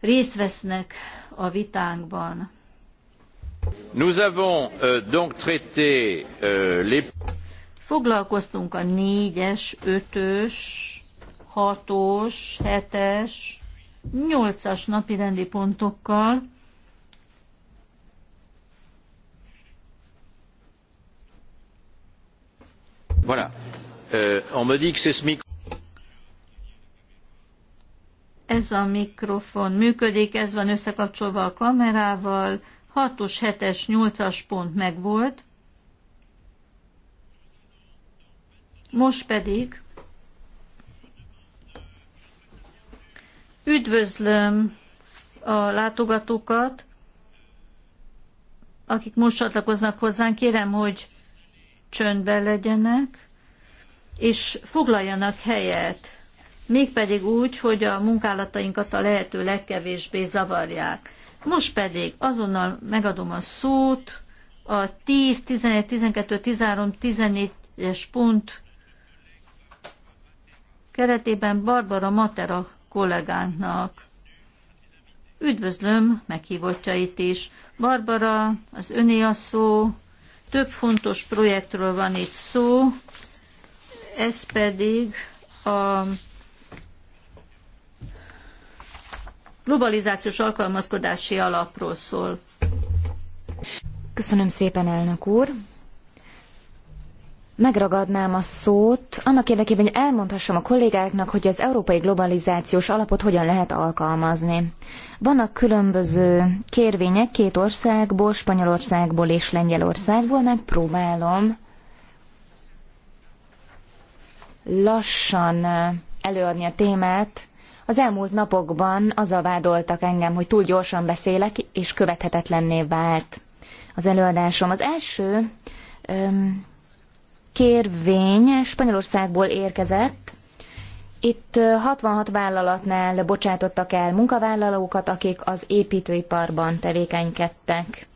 részt vesznek a vitánkban. Nous avons euh, donc traité euh, les... Foglalkoztunk a négyes, ötös, hatos, hetes, nyolcas napi rendi pontokkal. Voilà. Euh, on me dit que c'est ce micro ez a mikrofon működik, ez van összekapcsolva a kamerával, 6-os, 7-es, 8-as pont megvolt. Most pedig üdvözlöm a látogatókat, akik most csatlakoznak hozzánk, kérem, hogy csöndben legyenek, és foglaljanak helyet mégpedig úgy, hogy a munkálatainkat a lehető legkevésbé zavarják. Most pedig azonnal megadom a szót a 10, 11, 12, 13, 14-es pont keretében Barbara Matera kollégánknak. Üdvözlöm meghívottjait is. Barbara, az öné a szó, több fontos projektről van itt szó, ez pedig a globalizációs alkalmazkodási alapról szól. Köszönöm szépen, elnök úr. Megragadnám a szót annak érdekében, hogy elmondhassam a kollégáknak, hogy az európai globalizációs alapot hogyan lehet alkalmazni. Vannak különböző kérvények két országból, Spanyolországból és Lengyelországból, megpróbálom lassan eh, előadni a témát, az elmúlt napokban azzal vádoltak engem, hogy túl gyorsan beszélek, és követhetetlenné vált az előadásom. Az első öm, kérvény Spanyolországból érkezett. Itt 66 vállalatnál bocsátottak el munkavállalókat, akik az építőiparban tevékenykedtek.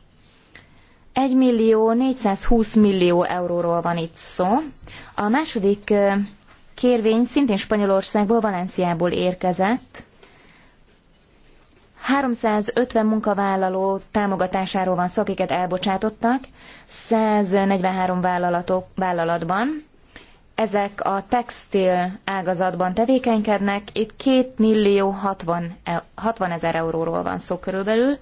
1 millió 420 millió euróról van itt szó. A második kérvény szintén Spanyolországból, Valenciából érkezett. 350 munkavállaló támogatásáról van szó, akiket elbocsátottak, 143 vállalatok, vállalatban. Ezek a textil ágazatban tevékenykednek, itt 2 millió 60, 60 e, ezer euróról van szó körülbelül.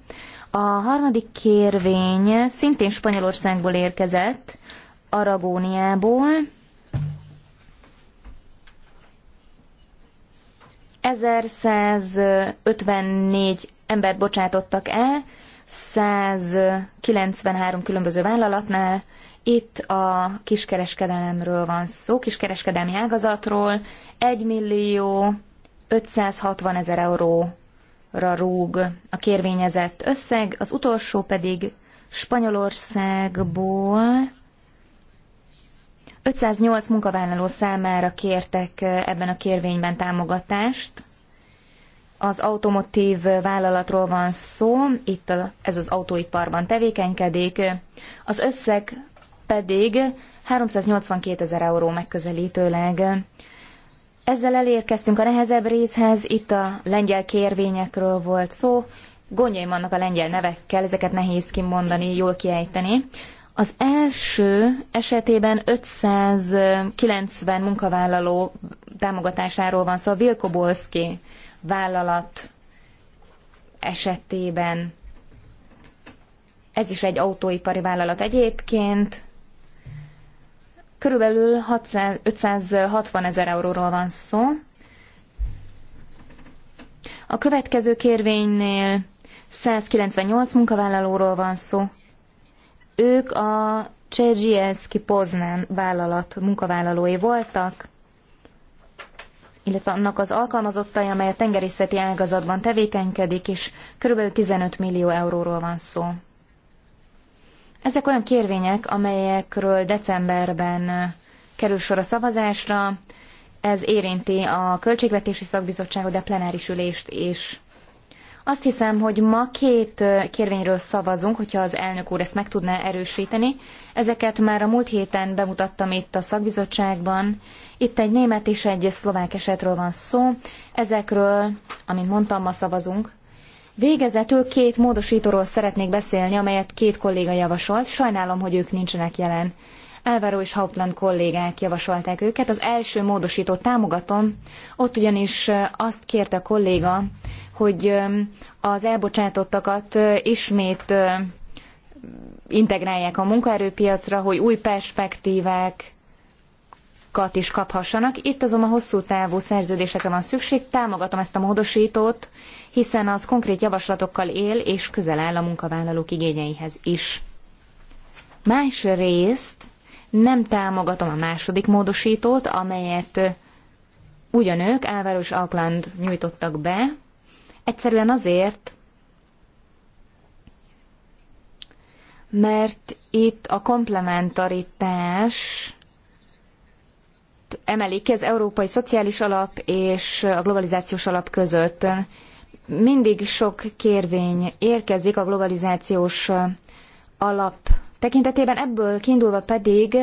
A harmadik kérvény szintén Spanyolországból érkezett, Aragóniából, 1154 embert bocsátottak el, 193 különböző vállalatnál. Itt a kiskereskedelemről van szó, kiskereskedelmi ágazatról. 1 millió 560 ezer euróra rúg a kérvényezett összeg, az utolsó pedig Spanyolországból 508 munkavállaló számára kértek ebben a kérvényben támogatást. Az automotív vállalatról van szó, itt a, ez az autóiparban tevékenykedik. Az összeg pedig 382 ezer euró megközelítőleg. Ezzel elérkeztünk a nehezebb részhez, itt a lengyel kérvényekről volt szó, gondjaim vannak a lengyel nevekkel, ezeket nehéz kimondani, jól kiejteni. Az első esetében 590 munkavállaló támogatásáról van szó, szóval a Vilkobolszki vállalat esetében. Ez is egy autóipari vállalat egyébként. Körülbelül 600, 560 ezer euróról van szó. A következő kérvénynél 198 munkavállalóról van szó, ők a C.G.S. kipoznán vállalat munkavállalói voltak, illetve annak az alkalmazottai, amely a tengerészeti ágazatban tevékenykedik, és körülbelül 15 millió euróról van szó. Ezek olyan kérvények, amelyekről decemberben kerül sor a szavazásra. Ez érinti a Költségvetési Szakbizottságot, de a plenáris ülést is. Azt hiszem, hogy ma két kérvényről szavazunk, hogyha az elnök úr ezt meg tudná erősíteni. Ezeket már a múlt héten bemutattam itt a szakbizottságban. Itt egy német és egy szlovák esetről van szó. Ezekről, amint mondtam, ma szavazunk. Végezetül két módosítóról szeretnék beszélni, amelyet két kolléga javasolt. Sajnálom, hogy ők nincsenek jelen. Álvaro és Hauptland kollégák javasolták őket. Az első módosítót támogatom, ott ugyanis azt kérte a kolléga, hogy az elbocsátottakat ismét integrálják a munkaerőpiacra, hogy új perspektívák kat is kaphassanak. Itt azonban hosszú távú szerződésekre van szükség. Támogatom ezt a módosítót, hiszen az konkrét javaslatokkal él és közel áll a munkavállalók igényeihez is. Másrészt nem támogatom a második módosítót, amelyet ugyanők, Álváros Alkland Auckland nyújtottak be, Egyszerűen azért, mert itt a komplementaritás emelik ki az Európai Szociális Alap és a Globalizációs Alap között. Mindig sok kérvény érkezik a globalizációs alap tekintetében, ebből kiindulva pedig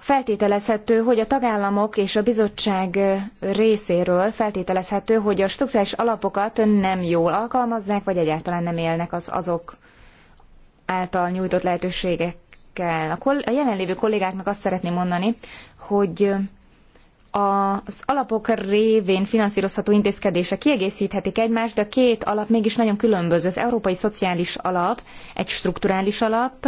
Feltételezhető, hogy a tagállamok és a bizottság részéről feltételezhető, hogy a struktúrális alapokat nem jól alkalmazzák, vagy egyáltalán nem élnek az azok által nyújtott lehetőségekkel. A jelenlévő kollégáknak azt szeretném mondani, hogy az alapok révén finanszírozható intézkedése kiegészíthetik egymást, de a két alap mégis nagyon különböző. Az Európai Szociális Alap egy strukturális alap,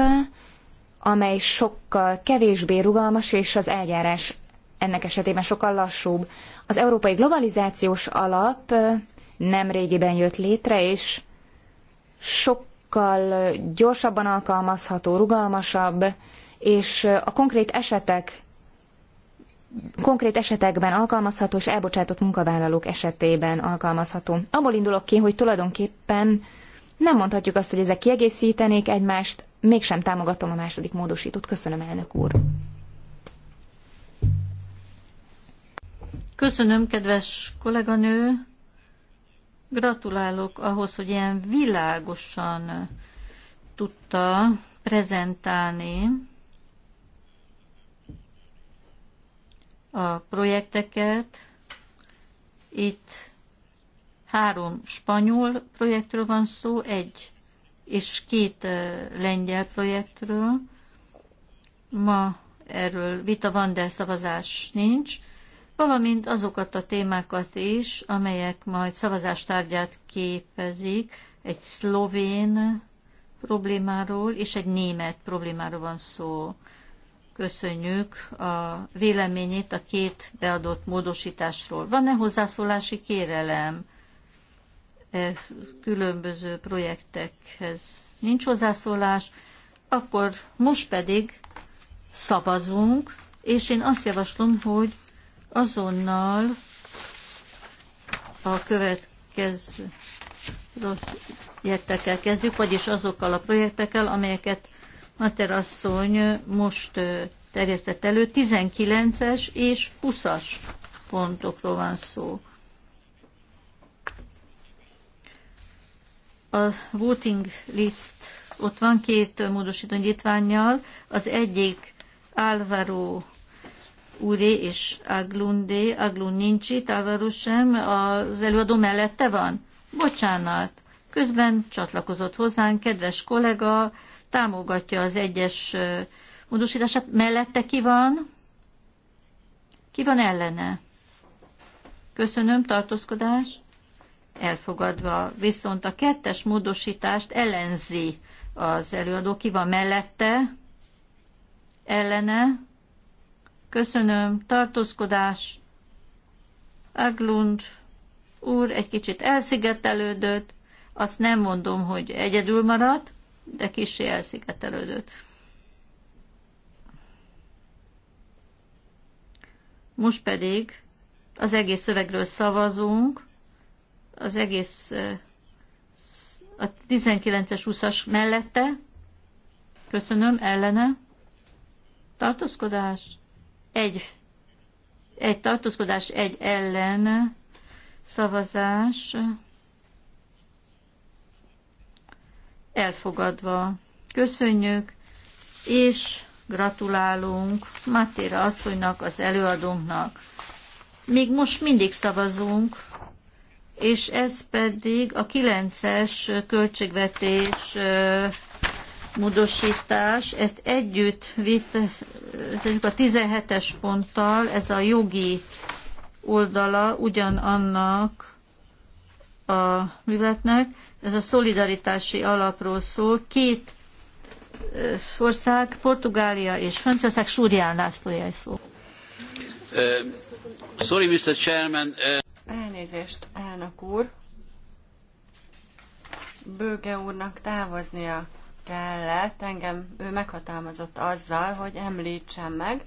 amely sokkal kevésbé rugalmas, és az eljárás ennek esetében sokkal lassúbb. Az Európai Globalizációs Alap nem régiben jött létre, és sokkal gyorsabban alkalmazható, rugalmasabb, és a konkrét esetek konkrét esetekben alkalmazható és elbocsátott munkavállalók esetében alkalmazható. Abból indulok ki, hogy tulajdonképpen nem mondhatjuk azt, hogy ezek kiegészítenék egymást, mégsem támogatom a második módosítót. Köszönöm, elnök úr. Köszönöm, kedves kolléganő. Gratulálok ahhoz, hogy ilyen világosan tudta prezentálni a projekteket. Itt három spanyol projektről van szó, egy és két lengyel projektről. Ma erről vita van, de szavazás nincs, valamint azokat a témákat is, amelyek majd szavazástárgyát képezik, egy szlovén problémáról és egy német problémáról van szó. Köszönjük a véleményét a két beadott módosításról. Van-e hozzászólási kérelem? különböző projektekhez nincs hozzászólás, akkor most pedig szavazunk, és én azt javaslom, hogy azonnal a következő projektekkel kezdjük, vagyis azokkal a projektekkel, amelyeket Mater asszony most terjesztett elő, 19-es és 20-as pontokról van szó. A voting list ott van két módosító nyitványjal, az egyik Álvaro úré és Aglundé, Aglund nincs itt, Álvaro sem, az előadó mellette van. Bocsánat. Közben csatlakozott hozzánk, kedves kollega, támogatja az egyes módosítását. Mellette ki van? Ki van ellene? Köszönöm, tartózkodás elfogadva. Viszont a kettes módosítást ellenzi az előadó. Ki van mellette? Ellene? Köszönöm. Tartózkodás. Aglund úr egy kicsit elszigetelődött. Azt nem mondom, hogy egyedül maradt, de kicsi elszigetelődött. Most pedig az egész szövegről szavazunk az egész a 19-es 20-as mellette. Köszönöm, ellene. Tartózkodás. Egy. Egy tartózkodás, egy ellen szavazás. Elfogadva. Köszönjük, és gratulálunk Matéra asszonynak, az előadónknak. Még most mindig szavazunk és ez pedig a 9-es költségvetés módosítás, ezt együtt vitt a 17-es ponttal, ez a jogi oldala ugyanannak a műveletnek, ez a szolidaritási alapról szól, két ország, Portugália és Franciaország, Súrián László jelszó. Uh, sorry, Mr. Chairman. Uh... Elnézést, elnök úr. Bőge úrnak távoznia kellett, engem ő meghatalmazott azzal, hogy említsen meg.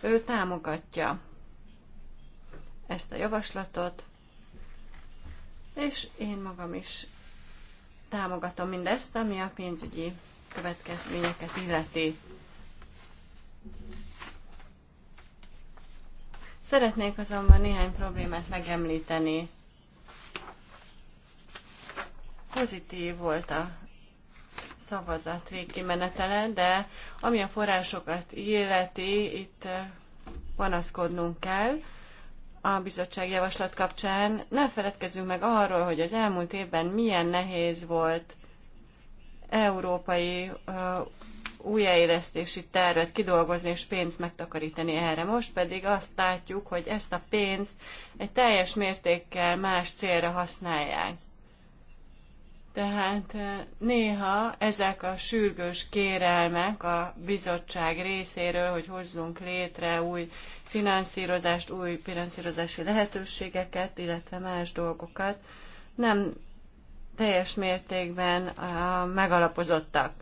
Ő támogatja ezt a javaslatot, és én magam is támogatom mindezt, ami a pénzügyi következményeket illeti. Szeretnék azonban néhány problémát megemlíteni. Pozitív volt a szavazat végkimenetele, de ami a forrásokat illeti, itt panaszkodnunk kell a bizottság javaslat kapcsán. Ne feledkezzünk meg arról, hogy az elmúlt évben milyen nehéz volt európai újjáélesztési tervet kidolgozni és pénzt megtakarítani erre. Most pedig azt látjuk, hogy ezt a pénzt egy teljes mértékkel más célra használják. Tehát eh, néha ezek a sürgős kérelmek a bizottság részéről, hogy hozzunk létre új finanszírozást, új finanszírozási lehetőségeket, illetve más dolgokat, nem teljes mértékben eh, megalapozottak.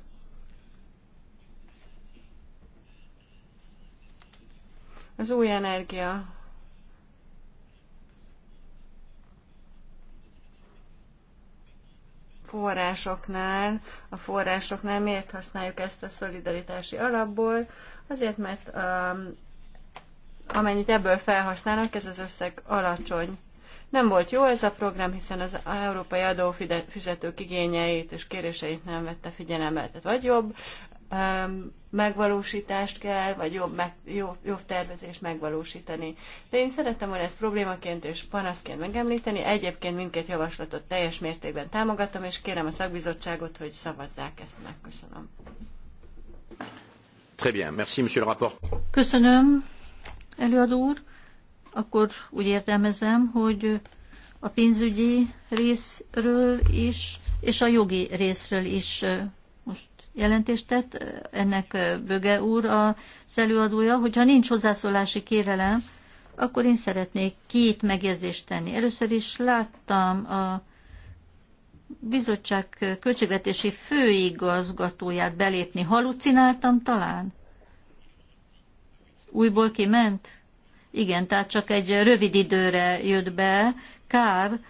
Az új energia forrásoknál, a forrásoknál miért használjuk ezt a szolidaritási alapból? Azért, mert um, amennyit ebből felhasználnak, ez az összeg alacsony. Nem volt jó ez a program, hiszen az európai adófizetők igényeit és kéréseit nem vette figyelembe. Tehát vagy jobb um, megvalósítást kell, vagy jobb, meg, jobb, jobb tervezést megvalósítani. De én szerettem volna ezt problémaként és panaszként megemlíteni. Egyébként mindkét javaslatot teljes mértékben támogatom, és kérem a szakbizottságot, hogy szavazzák ezt meg. Köszönöm. Très bien. Merci, monsieur le rapport. Köszönöm, előadó úr. Akkor úgy értelmezem, hogy a pénzügyi részről is, és a jogi részről is jelentést tett, ennek Böge úr a előadója, hogyha nincs hozzászólási kérelem, akkor én szeretnék két megjegyzést tenni. Először is láttam a bizottság költségvetési főigazgatóját belépni. Halucináltam talán? Újból kiment? Igen, tehát csak egy rövid időre jött be. Kár,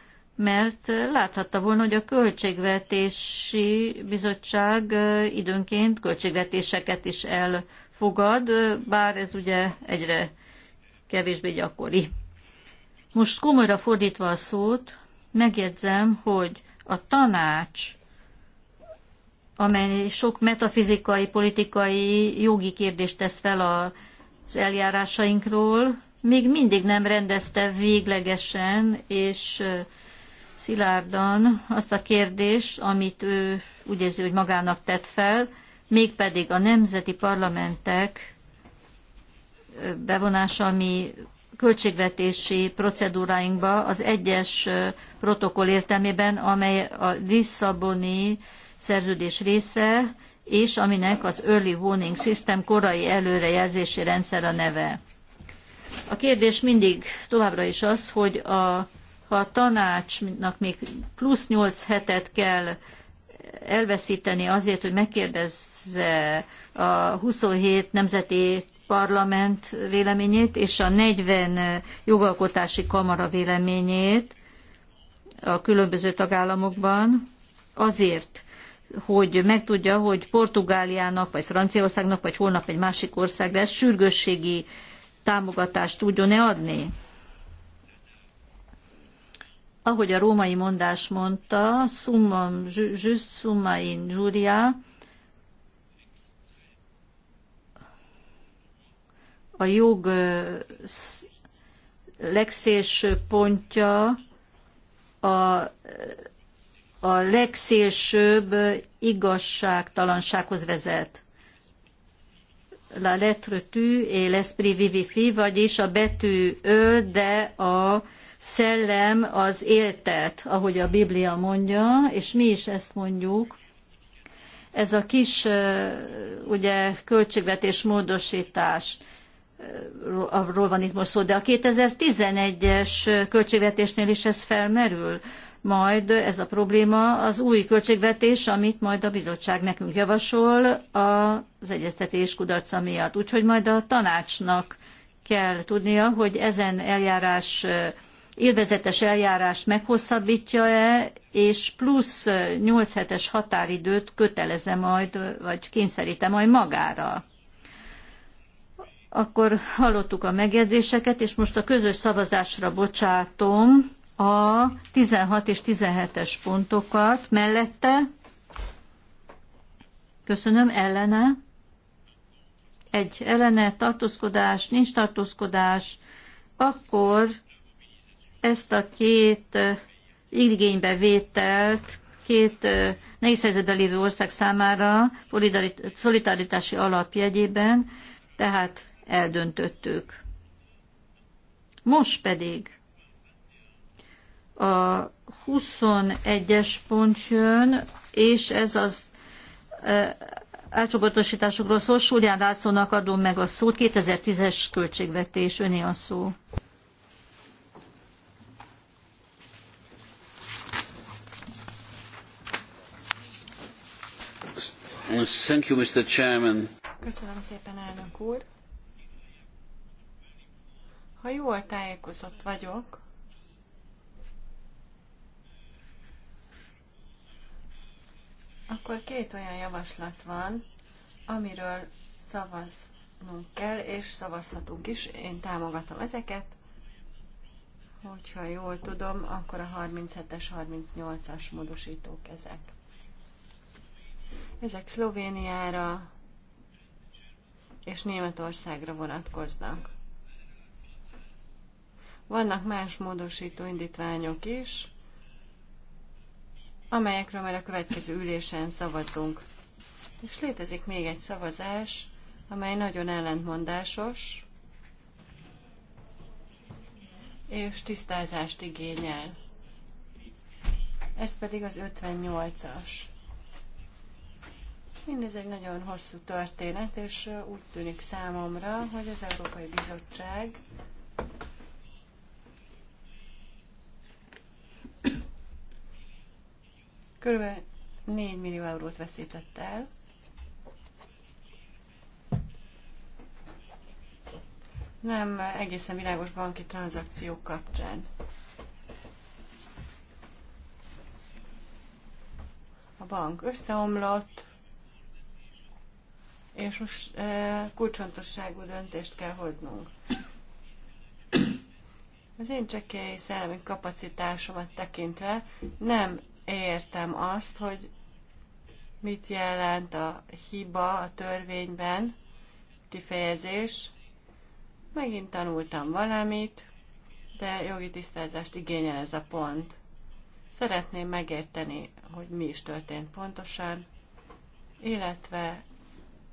mert láthatta volna, hogy a Költségvetési Bizottság időnként költségvetéseket is elfogad, bár ez ugye egyre kevésbé gyakori. Most komolyra fordítva a szót, megjegyzem, hogy a tanács, amely sok metafizikai, politikai, jogi kérdést tesz fel az eljárásainkról, még mindig nem rendezte véglegesen és szilárdan azt a kérdést, amit ő úgy érzi, hogy magának tett fel, mégpedig a nemzeti parlamentek bevonása, ami költségvetési procedúráinkba az egyes protokoll értelmében, amely a Lisszaboni szerződés része, és aminek az Early Warning System korai előrejelzési rendszer a neve. A kérdés mindig továbbra is az, hogy a ha a tanácsnak még plusz 8 hetet kell elveszíteni azért, hogy megkérdezze a 27 nemzeti parlament véleményét és a 40 jogalkotási kamara véleményét a különböző tagállamokban azért, hogy megtudja, hogy Portugáliának, vagy Franciaországnak, vagy holnap egy másik ország lesz, sürgősségi támogatást tudjon-e adni? ahogy a római mondás mondta, summum just summa in juria, a jog legszélső pontja a a legszélsőbb igazságtalansághoz vezet. La lettre tu et l'esprit vivifie, vagyis a betű öl, de a szellem az éltet, ahogy a Biblia mondja, és mi is ezt mondjuk. Ez a kis ugye, költségvetés módosítás, arról van itt most szó, de a 2011-es költségvetésnél is ez felmerül majd ez a probléma az új költségvetés, amit majd a bizottság nekünk javasol az egyeztetés kudarca miatt. Úgyhogy majd a tanácsnak kell tudnia, hogy ezen eljárás élvezetes eljárást meghosszabbítja-e, és plusz 8 hetes határidőt köteleze majd, vagy kényszeríte majd magára. Akkor hallottuk a megjegyzéseket, és most a közös szavazásra bocsátom a 16 és 17-es pontokat mellette. Köszönöm, ellene. Egy ellene tartózkodás, nincs tartózkodás, akkor ezt a két igénybe vételt két nehéz helyzetben lévő ország számára szolidaritási alapjegyében, tehát eldöntöttük. Most pedig a 21-es pont jön, és ez az átcsoportosításokról szól. Súlyán Lászlónak adom meg a szót, 2010-es költségvetés, öné a szó. Thank you, Mr. Chairman. Köszönöm szépen, elnök úr. Ha jól tájékozott vagyok, akkor két olyan javaslat van, amiről szavaznunk kell, és szavazhatunk is. Én támogatom ezeket. Hogyha jól tudom, akkor a 37-es, 38-as módosítók ezek. Ezek Szlovéniára és Németországra vonatkoznak. Vannak más módosító indítványok is, amelyekről már a következő ülésen szavazunk. És létezik még egy szavazás, amely nagyon ellentmondásos, és tisztázást igényel. Ez pedig az 58-as. Mindez egy nagyon hosszú történet, és úgy tűnik számomra, hogy az Európai Bizottság kb. 4 millió eurót veszített el. Nem egészen világos banki tranzakciók kapcsán. A bank összeomlott, és most kulcsontosságú döntést kell hoznunk. Az én csekély szellemi kapacitásomat tekintve nem értem azt, hogy mit jelent a hiba a törvényben, kifejezés. Megint tanultam valamit, de jogi tisztázást igényel ez a pont. Szeretném megérteni, hogy mi is történt pontosan, illetve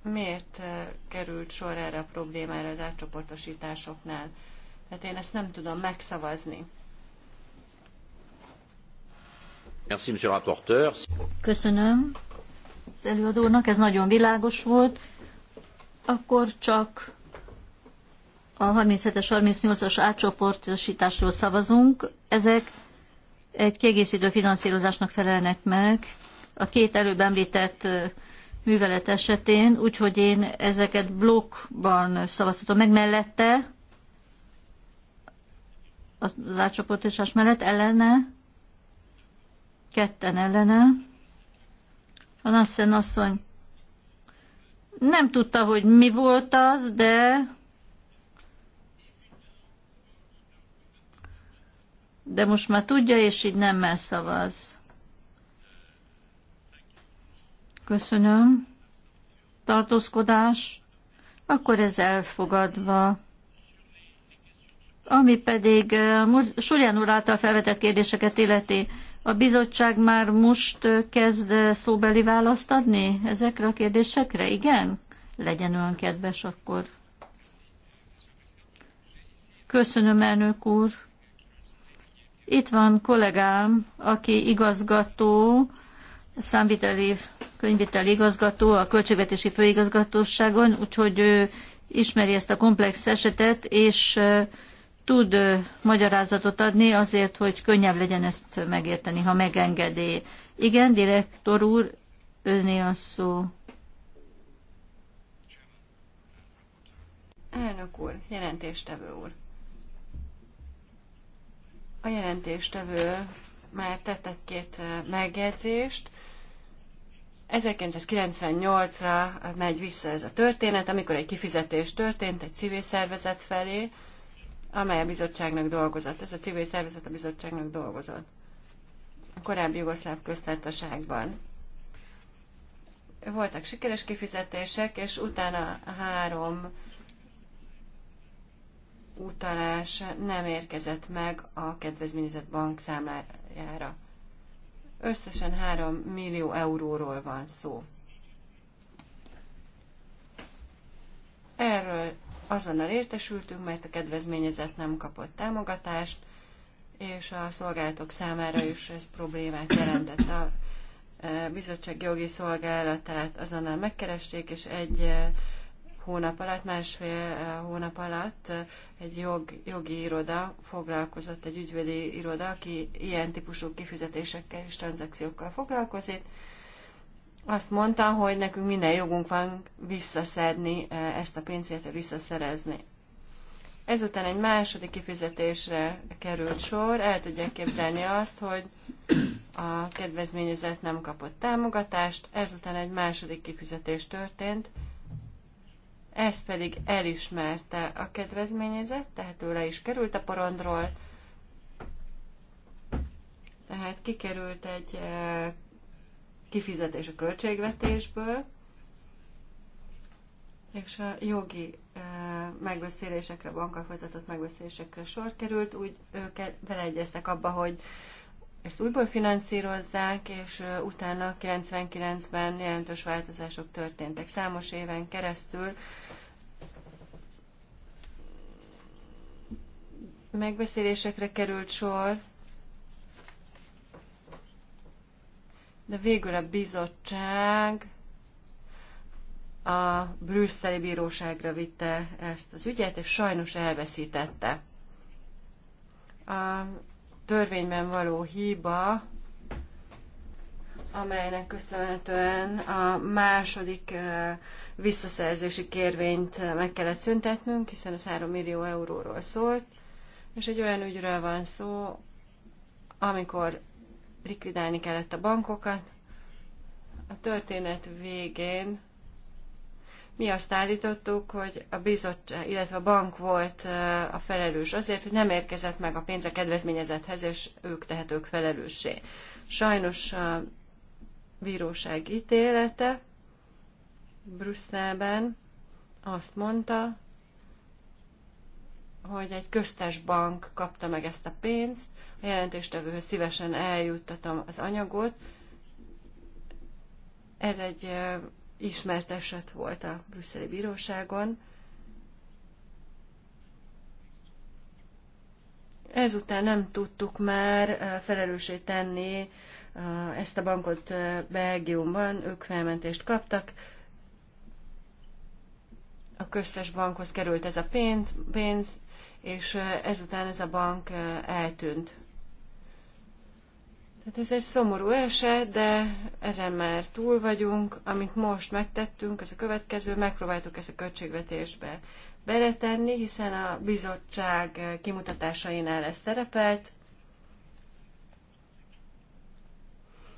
miért eh, került sor erre a problémára az átcsoportosításoknál. Tehát én ezt nem tudom megszavazni. Merci, monsieur rapporteur. Köszönöm az előadónak, ez nagyon világos volt. Akkor csak a 37-es, 38-as átcsoportosításról szavazunk. Ezek egy kiegészítő finanszírozásnak felelnek meg. A két előbb említett eh, művelet esetén, úgyhogy én ezeket blokkban szavaztatom meg mellette, az átcsoportosás mellett ellene, ketten ellene. A Nassen asszony nem tudta, hogy mi volt az, de de most már tudja, és így nem szavaz. Köszönöm. Tartózkodás. Akkor ez elfogadva. Ami pedig eh, Surján úr által felvetett kérdéseket illeti, a bizottság már most eh, kezd eh, szóbeli választ adni ezekre a kérdésekre? Igen? Legyen olyan kedves akkor. Köszönöm, elnök úr. Itt van kollégám, aki igazgató, számviteli könyviteli igazgató a Költségvetési Főigazgatóságon, úgyhogy ő ismeri ezt a komplex esetet, és tud magyarázatot adni azért, hogy könnyebb legyen ezt megérteni, ha megengedi. Igen, direktor úr, öné a szó. Elnök úr, jelentéstevő úr. A jelentéstevő már tett egy-két megjegyzést, 1998-ra megy vissza ez a történet, amikor egy kifizetés történt egy civil szervezet felé, amely a bizottságnak dolgozott. Ez a civil szervezet a bizottságnak dolgozott. A korábbi jugoszláv köztársaságban. Voltak sikeres kifizetések, és utána három utalás nem érkezett meg a kedvezményezett bank számlájára. Összesen 3 millió euróról van szó. Erről azonnal értesültünk, mert a kedvezményezett nem kapott támogatást, és a szolgálatok számára is ez problémát jelentett. A e, bizottság jogi szolgálatát azonnal megkeresték, és egy e, hónap alatt, másfél eh, hónap alatt eh, egy jog, jogi iroda foglalkozott, egy ügyvédi iroda, aki ilyen típusú kifizetésekkel és tranzakciókkal foglalkozik. Azt mondta, hogy nekünk minden jogunk van visszaszedni eh, ezt a pénzt, illetve visszaszerezni. Ezután egy második kifizetésre került sor, el tudják képzelni azt, hogy a kedvezményezett nem kapott támogatást, ezután egy második kifizetés történt, ezt pedig elismerte a kedvezményezett, tehát ő le is került a porondról, tehát kikerült egy eh, kifizetés a költségvetésből, és a jogi eh, megbeszélésekre, bankkal folytatott megbeszélésekre sor került, úgy ők beleegyeztek abba, hogy ezt újból finanszírozzák, és utána 99-ben jelentős változások történtek. Számos éven keresztül megbeszélésekre került sor, de végül a bizottság a brüsszeli bíróságra vitte ezt az ügyet, és sajnos elveszítette. A törvényben való hiba, amelynek köszönhetően a második visszaszerzési kérvényt meg kellett szüntetnünk, hiszen ez 3 millió euróról szólt, és egy olyan ügyről van szó, amikor likvidálni kellett a bankokat, a történet végén mi azt állítottuk, hogy a bizottság, illetve a bank volt a felelős azért, hogy nem érkezett meg a pénz a kedvezményezethez, és ők tehetők felelőssé. Sajnos a bíróság ítélete Brüsszelben azt mondta, hogy egy köztes bank kapta meg ezt a pénzt, a jelentéstevőhöz szívesen eljuttatom az anyagot. Ez egy ismert eset volt a brüsszeli bíróságon. Ezután nem tudtuk már eh, felelősé tenni eh, ezt a bankot eh, Belgiumban, ők felmentést kaptak, a köztes bankhoz került ez a pénz, pénz és ezután ez a bank eltűnt. Tehát ez egy szomorú eset, de ezen már túl vagyunk. Amit most megtettünk, ez a következő, megpróbáltuk ezt a költségvetésbe beletenni, hiszen a bizottság kimutatásainál ez szerepelt.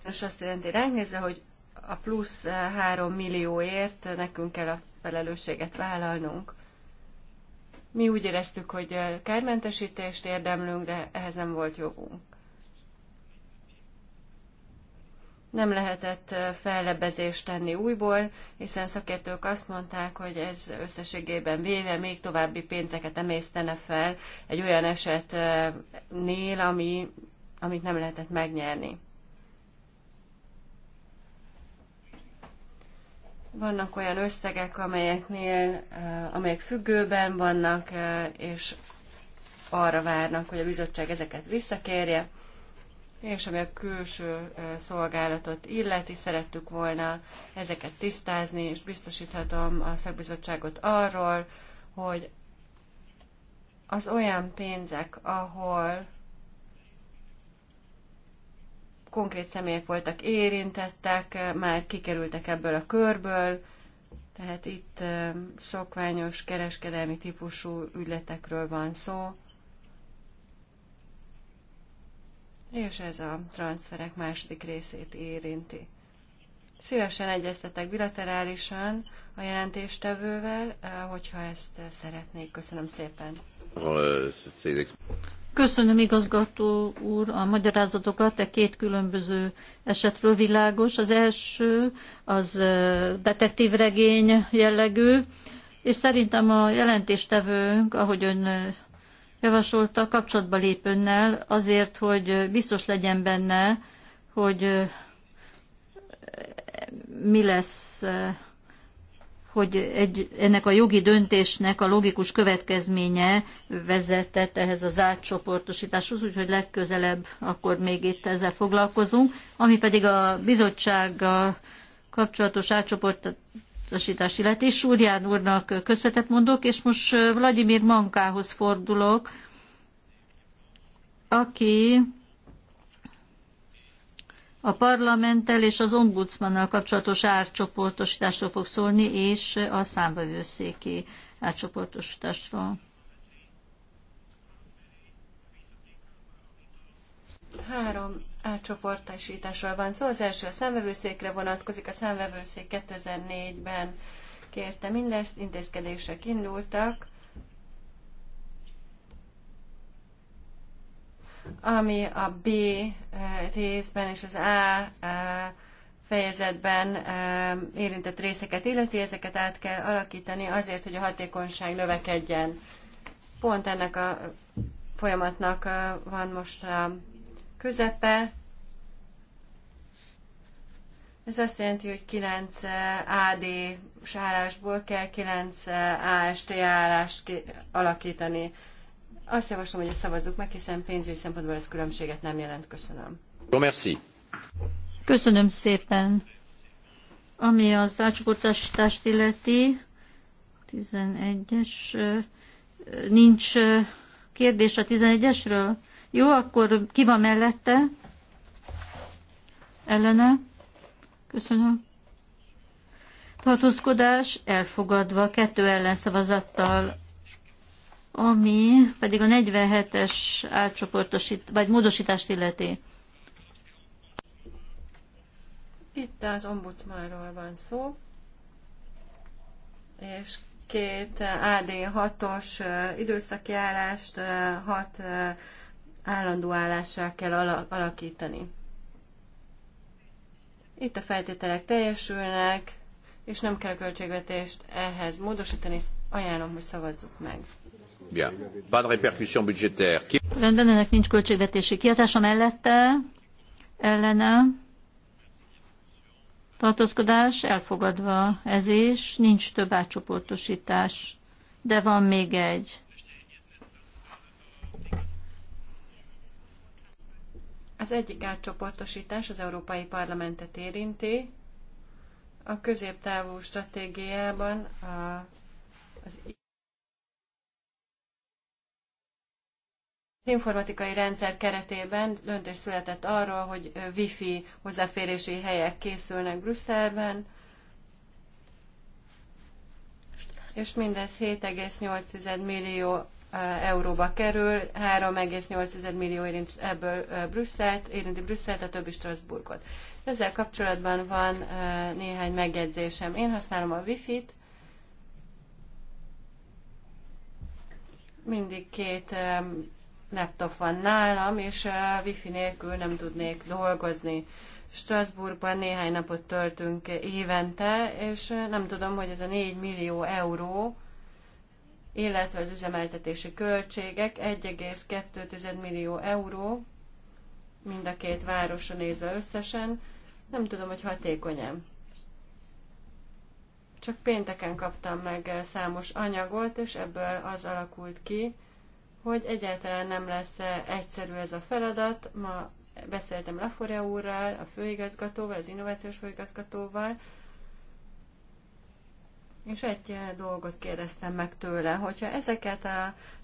És azt jelenti, ránk nézve, hogy a plusz 3 millióért nekünk kell a felelősséget vállalnunk. Mi úgy éreztük, hogy kármentesítést érdemlünk, de ehhez nem volt jogunk. nem lehetett fellebezést tenni újból, hiszen szakértők azt mondták, hogy ez összességében véve még további pénzeket emésztene fel egy olyan esetnél, ami, amit nem lehetett megnyerni. Vannak olyan összegek, amelyeknél, amelyek függőben vannak, és arra várnak, hogy a bizottság ezeket visszakérje és ami a külső szolgálatot illeti, szerettük volna ezeket tisztázni, és biztosíthatom a szakbizottságot arról, hogy az olyan pénzek, ahol konkrét személyek voltak érintettek, már kikerültek ebből a körből, tehát itt szokványos kereskedelmi típusú ügyletekről van szó, és ez a transferek második részét érinti. Szívesen egyeztetek bilaterálisan a jelentéstevővel, eh, hogyha ezt szeretnék. Köszönöm szépen. Köszönöm igazgató úr a magyarázatokat, e két különböző esetről világos. Az első az eh, detektív regény jellegű, és szerintem a jelentéstevőnk, ahogy ön eh, javasolta, kapcsolatba lép önnel azért, hogy biztos legyen benne, hogy mi lesz, hogy egy, ennek a jogi döntésnek a logikus következménye vezetett ehhez az átcsoportosításhoz, úgyhogy legközelebb akkor még itt ezzel foglalkozunk. Ami pedig a bizottsággal kapcsolatos átcsoport utasítás illeti. Súrján úrnak köszönetet mondok, és most Vladimir Mankához fordulok, aki a parlamenttel és az ombudsmannal kapcsolatos árcsoportosításról fog szólni, és a számbevőszéki átcsoportosításról. Három átcsoportosításról van szó. az első a számvevőszékre vonatkozik, a számvevőszék 2004-ben kérte mindezt, intézkedések indultak, ami a B eh, részben és az A eh, fejezetben eh, érintett részeket illeti, ezeket át kell alakítani azért, hogy a hatékonyság növekedjen. Pont ennek a folyamatnak van most a közepe. Ez azt jelenti, hogy 9 eh, AD sárásból kell 9 eh, AST állást alakítani. Azt javaslom, hogy ezt szavazzuk meg, hiszen pénzügyi szempontból ez különbséget nem jelent. Köszönöm. Köszönöm szépen. Ami az átcsoportosítást illeti, 11-es, eh, nincs kérdés a 11-esről? Jó, akkor ki van mellette? Ellene? Köszönöm. Tartózkodás elfogadva kettő ellenszavazattal, ami pedig a 47-es átcsoportosít, vagy módosítást illeti. Itt az ombudsmanról van szó, és két eh, AD6-os eh, időszakjárást, eh, hat állandó állássá kell alakítani. Itt a feltételek teljesülnek, és nem kell a költségvetést ehhez módosítani, ajánlom, hogy szavazzuk meg. Bien. Pas de répercussion budgétaire. Ki... Rendben, ennek nincs költségvetési kiadása mellette, ellene, tartózkodás elfogadva, ez is, nincs több átcsoportosítás, de van még egy. Az egyik átcsoportosítás az Európai Parlamentet érinti. A középtávú stratégiában a, az Az informatikai rendszer keretében döntés született arról, hogy wifi hozzáférési helyek készülnek Brüsszelben, és mindez 7,8 millió euróba kerül, 3,8 millió érint ebből Brüsszelt, érinti Brüsszelt, a többi Strasbourgot. Ezzel kapcsolatban van néhány megjegyzésem. Én használom a Wi-Fi-t, mindig két laptop van nálam, és a fi nélkül nem tudnék dolgozni. Strasbourgban néhány napot töltünk évente, és nem tudom, hogy ez a 4 millió euró, illetve az üzemeltetési költségek 1,2 millió euró mind a két városra nézve összesen. Nem tudom, hogy hatékony-e. Csak pénteken kaptam meg számos anyagot, és ebből az alakult ki, hogy egyáltalán nem lesz egyszerű ez a feladat. Ma beszéltem Laforia úrral, a főigazgatóval, az innovációs főigazgatóval, és egy eh, dolgot kérdeztem meg tőle, hogyha ezeket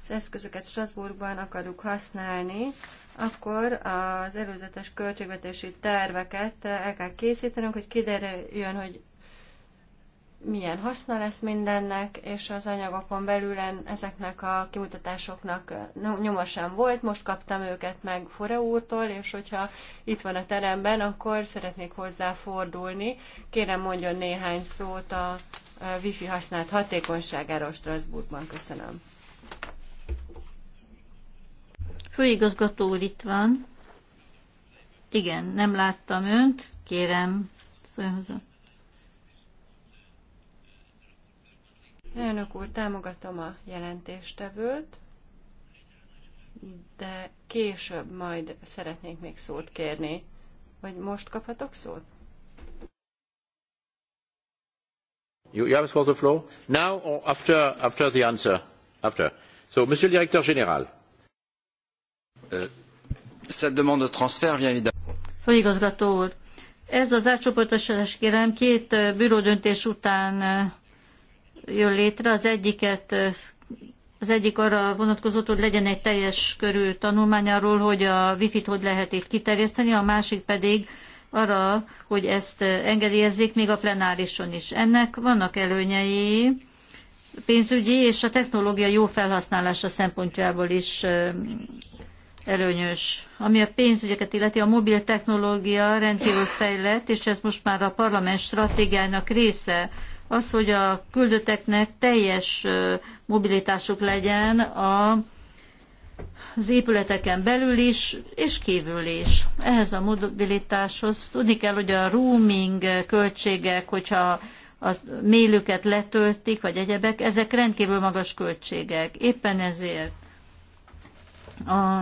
az eszközöket Strasbourgban akarjuk használni, akkor az előzetes költségvetési terveket eh, el kell készítenünk, hogy kiderüljön, hogy milyen haszna lesz mindennek, és az anyagokon belül ezeknek a kimutatásoknak eh, nyoma sem volt. Most kaptam őket meg Fore úrtól, és hogyha itt van a teremben, akkor szeretnék hozzá fordulni. Kérem mondjon néhány szót a wifi használat hatékonyságáról Strasbourgban. Köszönöm. Főigazgató úr itt van. Igen, nem láttam önt. Kérem, szóljon hozzá. Elnök úr, támogatom a jelentéstevőt, de később majd szeretnék még szót kérni. Vagy most kaphatok szót? You, have the floor? Now or after, after the answer? After. So, Monsieur le Directeur Général. Euh, cette demande de transfert vient évidemment... Főigazgató úr, ez az átcsoportosítás kérem két döntés után jön létre. Az egyiket az egyik arra vonatkozott, hogy legyen egy teljes körű tanulmány arról, hogy a wifi-t hogy lehet itt kiterjeszteni, a másik pedig arra, hogy ezt eh, engedélyezzék még a plenárison is. Ennek vannak előnyei, pénzügyi és a technológia jó felhasználása szempontjából is eh, előnyös. Ami a pénzügyeket illeti, a mobil technológia rendkívül fejlett, és ez most már a parlament stratégiának része, az, hogy a küldötteknek teljes eh, mobilitásuk legyen a az épületeken belül is, és kívül is. Ehhez a mobilitáshoz tudni kell, hogy a roaming költségek, hogyha a mélüket letöltik, vagy egyebek, ezek rendkívül magas költségek. Éppen ezért a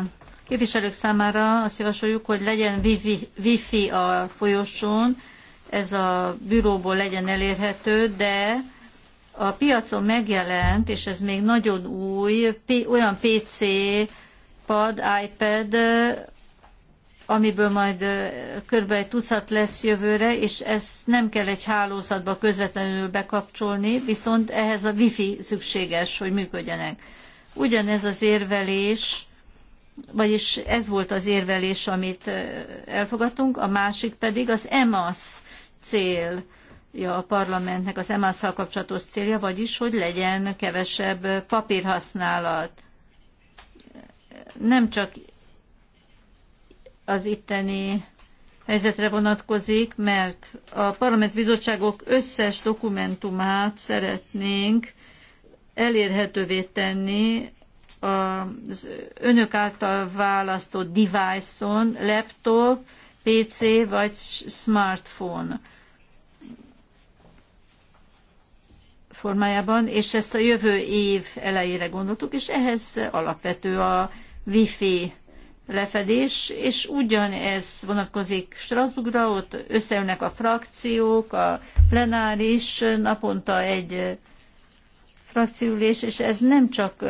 képviselők számára azt javasoljuk, hogy legyen wifi a folyosón, ez a bűróból legyen elérhető, de a piacon megjelent, és ez még nagyon új, olyan PC iPad, iPad, amiből majd kb. egy tucat lesz jövőre, és ezt nem kell egy hálózatba közvetlenül bekapcsolni, viszont ehhez a wifi szükséges, hogy működjenek. Ugyanez az érvelés, vagyis ez volt az érvelés, amit elfogadtunk, a másik pedig az EMAS cél a parlamentnek az emas kapcsolatos célja, vagyis, hogy legyen kevesebb papírhasználat nem csak az itteni helyzetre vonatkozik, mert a parlament bizottságok összes dokumentumát szeretnénk elérhetővé tenni az önök által választott device-on, laptop, PC vagy smartphone formájában, és ezt a jövő év elejére gondoltuk, és ehhez alapvető a wifi lefedés, és ugyanez vonatkozik Strasbourgra, ott összeülnek a frakciók, a plenáris naponta egy frakciülés, és ez nem csak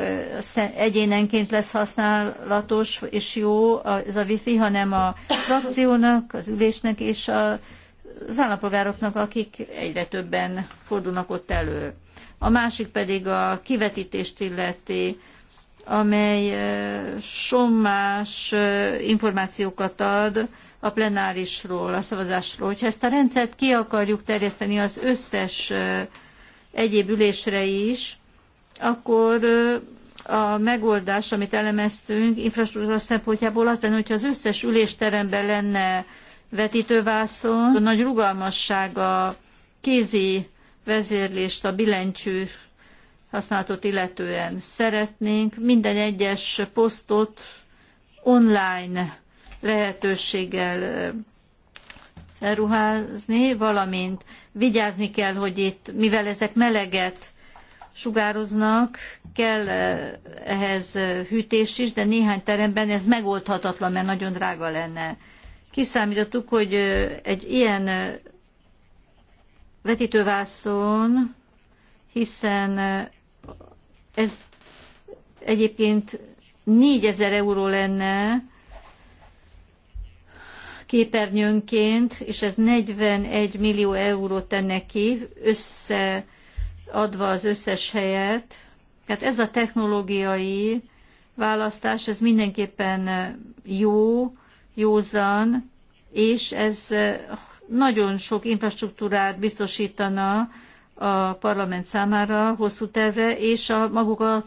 egyénenként lesz használatos és jó ez a wifi, hanem a frakciónak, az ülésnek és a, az állampolgároknak, akik egyre többen fordulnak ott elő. A másik pedig a kivetítést illeti amely sommás információkat ad a plenárisról, a szavazásról. Hogyha ezt a rendszert ki akarjuk terjeszteni az összes egyéb ülésre is, akkor a megoldás, amit elemeztünk infrastruktúra szempontjából az lenne, hogyha az összes ülésteremben lenne vetítővászon, nagy rugalmasság a kézi vezérlést a billentyű használatot illetően szeretnénk minden egyes posztot online lehetőséggel felruházni, valamint vigyázni kell, hogy itt, mivel ezek meleget sugároznak, kell ehhez hűtés is, de néhány teremben ez megoldhatatlan, mert nagyon drága lenne. Kiszámítottuk, hogy egy ilyen vetítővászon, hiszen ez egyébként 4000 euró lenne képernyőnként, és ez 41 millió eurót tenne ki, összeadva az összes helyet. Tehát ez a technológiai választás, ez mindenképpen jó, józan, és ez nagyon sok infrastruktúrát biztosítana a parlament számára hosszú tervre, és a maguk a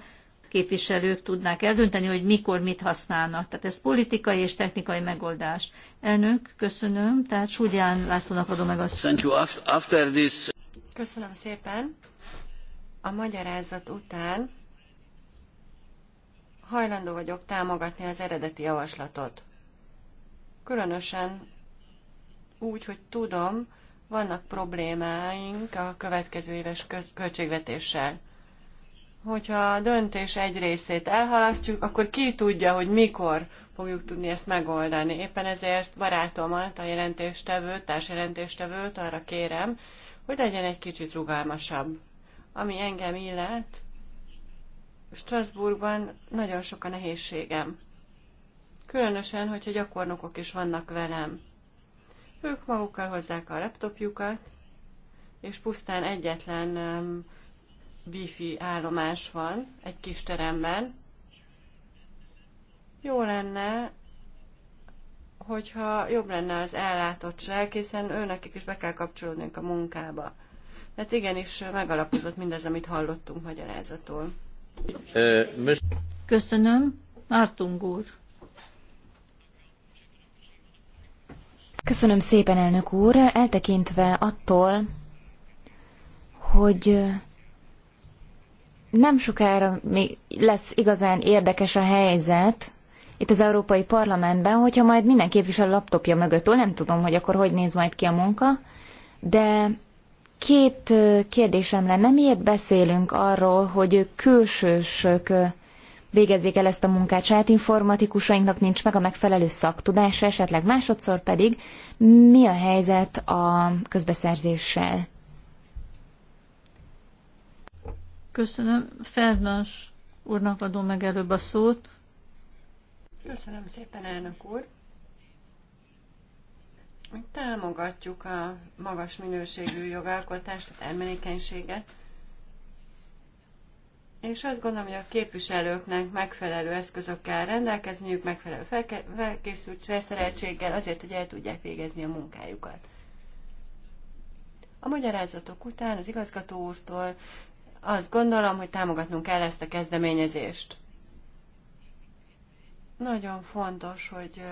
képviselők tudnák eldönteni, hogy mikor mit használnak. Tehát ez politikai és technikai megoldás. Elnök, köszönöm. Tehát Súgyán Lászlónak adom meg a szót. Köszönöm szépen. A magyarázat után hajlandó vagyok támogatni az eredeti javaslatot. Különösen úgy, hogy tudom, vannak problémáink a következő éves költségvetéssel. Hogyha a döntés egy részét elhalasztjuk, akkor ki tudja, hogy mikor fogjuk tudni ezt megoldani. Éppen ezért barátomat, a jelentéstevőt, társjelentéstevőt arra kérem, hogy legyen egy kicsit rugalmasabb. Ami engem illet, Strasbourgban nagyon sok a nehézségem. Különösen, hogyha gyakornokok is vannak velem. Ők magukkal hozzák a laptopjukat, és pusztán egyetlen um, wifi állomás van egy kis teremben. Jó lenne, hogyha jobb lenne az ellátottság, hiszen őnek is be kell kapcsolódnunk a munkába. Tehát igenis megalapozott mindez, amit hallottunk magyarázatul. Köszönöm. Martung úr. Köszönöm szépen, elnök úr. Eltekintve attól, hogy nem sokára még lesz igazán érdekes a helyzet itt az Európai Parlamentben, hogyha majd minden képviselő laptopja mögött nem tudom, hogy akkor hogy néz majd ki a munka, de két kérdésem lenne. Miért beszélünk arról, hogy külsősök végezzék el ezt a munkát. Saját informatikusainknak nincs meg a megfelelő szaktudása, esetleg másodszor pedig mi a helyzet a közbeszerzéssel? Köszönöm. Fernas úrnak adom meg előbb a szót. Köszönöm szépen, elnök úr. Támogatjuk a magas minőségű jogalkotást, a termelékenységet, és azt gondolom, hogy a képviselőknek megfelelő eszközökkel rendelkezniük, megfelelő felkészült felszereltséggel azért, hogy el tudják végezni a munkájukat. A magyarázatok után az igazgató úrtól azt gondolom, hogy támogatnunk kell ezt a kezdeményezést. Nagyon fontos, hogy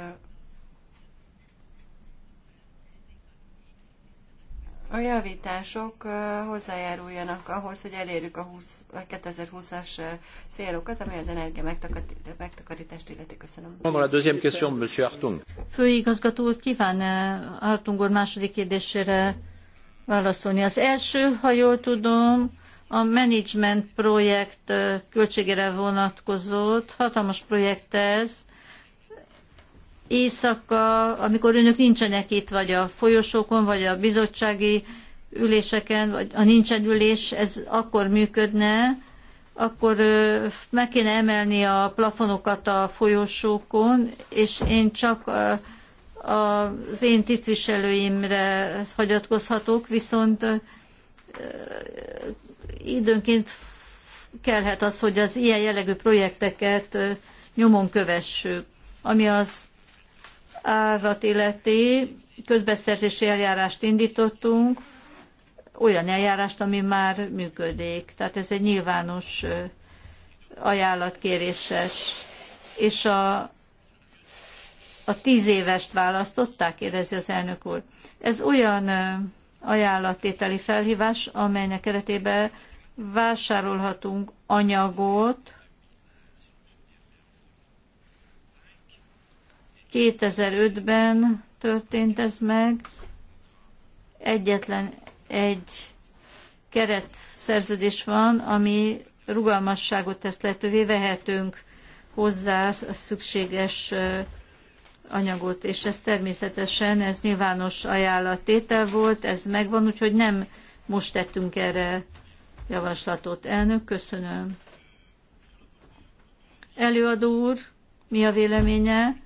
a javítások hozzájáruljanak ahhoz, hogy elérjük a 20, 2020-as célokat, ami az energia megtakarítást illeti. Köszönöm. A deuxième question, Monsieur Artung. Főigazgató úr, kíván Artung úr második kérdésére válaszolni. Az első, ha jól tudom, a management projekt költségére vonatkozott. Hatalmas projekt ez, éjszaka, amikor önök nincsenek itt, vagy a folyosókon, vagy a bizottsági üléseken, vagy a nincsen ülés, ez akkor működne, akkor meg kéne emelni a plafonokat a folyosókon, és én csak az én tisztviselőimre hagyatkozhatok, viszont időnként kellhet az, hogy az ilyen jellegű projekteket nyomon kövessük, ami az árat illeti, közbeszerzési eljárást indítottunk, olyan eljárást, ami már működik. Tehát ez egy nyilvános ajánlatkéréses. És a, a tíz évest választották, kérdezi az elnök úr. Ez olyan ajánlattételi felhívás, amelynek keretében vásárolhatunk anyagot, 2005-ben történt ez meg, egyetlen egy keret szerződés van, ami rugalmasságot tesz lehetővé, vehetünk hozzá a szükséges anyagot, és ez természetesen, ez nyilvános ajánlattétel volt, ez megvan, úgyhogy nem most tettünk erre javaslatot. Elnök, köszönöm. Előadó úr, mi a véleménye?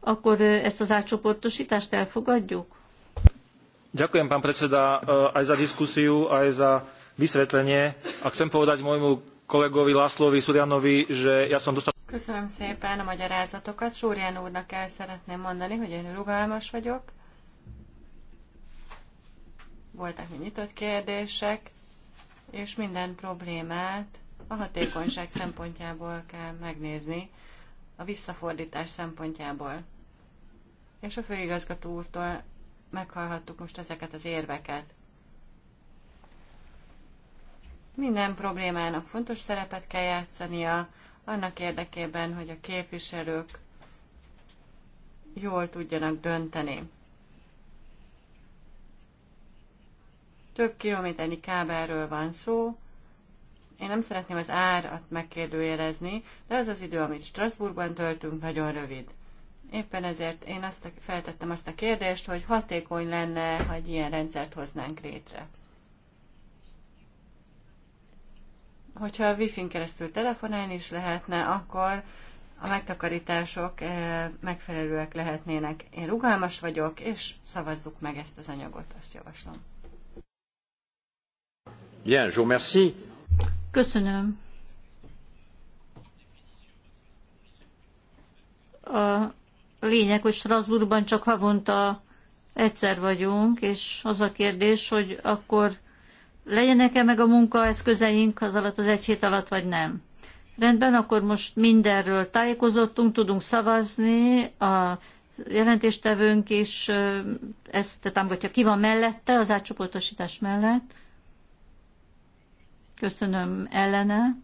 akkor ezt az átcsoportosítást elfogadjuk? Ďakujem, pán predseda, aj za diskusiu, aj za vysvetlenie. A chcem povedať môjmu kolegovi Lászlóvi Surianovi, že ja som dostal... Köszönöm szépen a magyarázatokat. Súrján úrnak el szeretném mondani, hogy én rugalmas vagyok. Voltak mi nyitott kérdések, és minden problémát a hatékonyság szempontjából kell megnézni a visszafordítás szempontjából. És a főigazgató úrtól meghallhattuk most ezeket az érveket. Minden problémának fontos szerepet kell játszania, annak érdekében, hogy a képviselők jól tudjanak dönteni. Több kilométernyi kábelről van szó, én nem szeretném az árat megkérdőjelezni, de az az idő, amit Strasbourgban töltünk, nagyon rövid. Éppen ezért én azt a, feltettem azt a kérdést, hogy hatékony lenne, ha egy ilyen rendszert hoznánk létre. Hogyha a wifi-n keresztül telefonálni is lehetne, akkor a megtakarítások eh, megfelelőek lehetnének. Én rugalmas vagyok, és szavazzuk meg ezt az anyagot, azt javaslom. Bien, je vous remercie. Köszönöm. A lényeg, hogy Strasbourgban csak havonta egyszer vagyunk, és az a kérdés, hogy akkor legyenek-e meg a munkaeszközeink az alatt az egy hét alatt, vagy nem. Rendben, akkor most mindenről tájékozottunk, tudunk szavazni, a jelentéstevőnk is ezt támogatja. Ki van mellette, az átcsoportosítás mellett? Köszönöm ellene.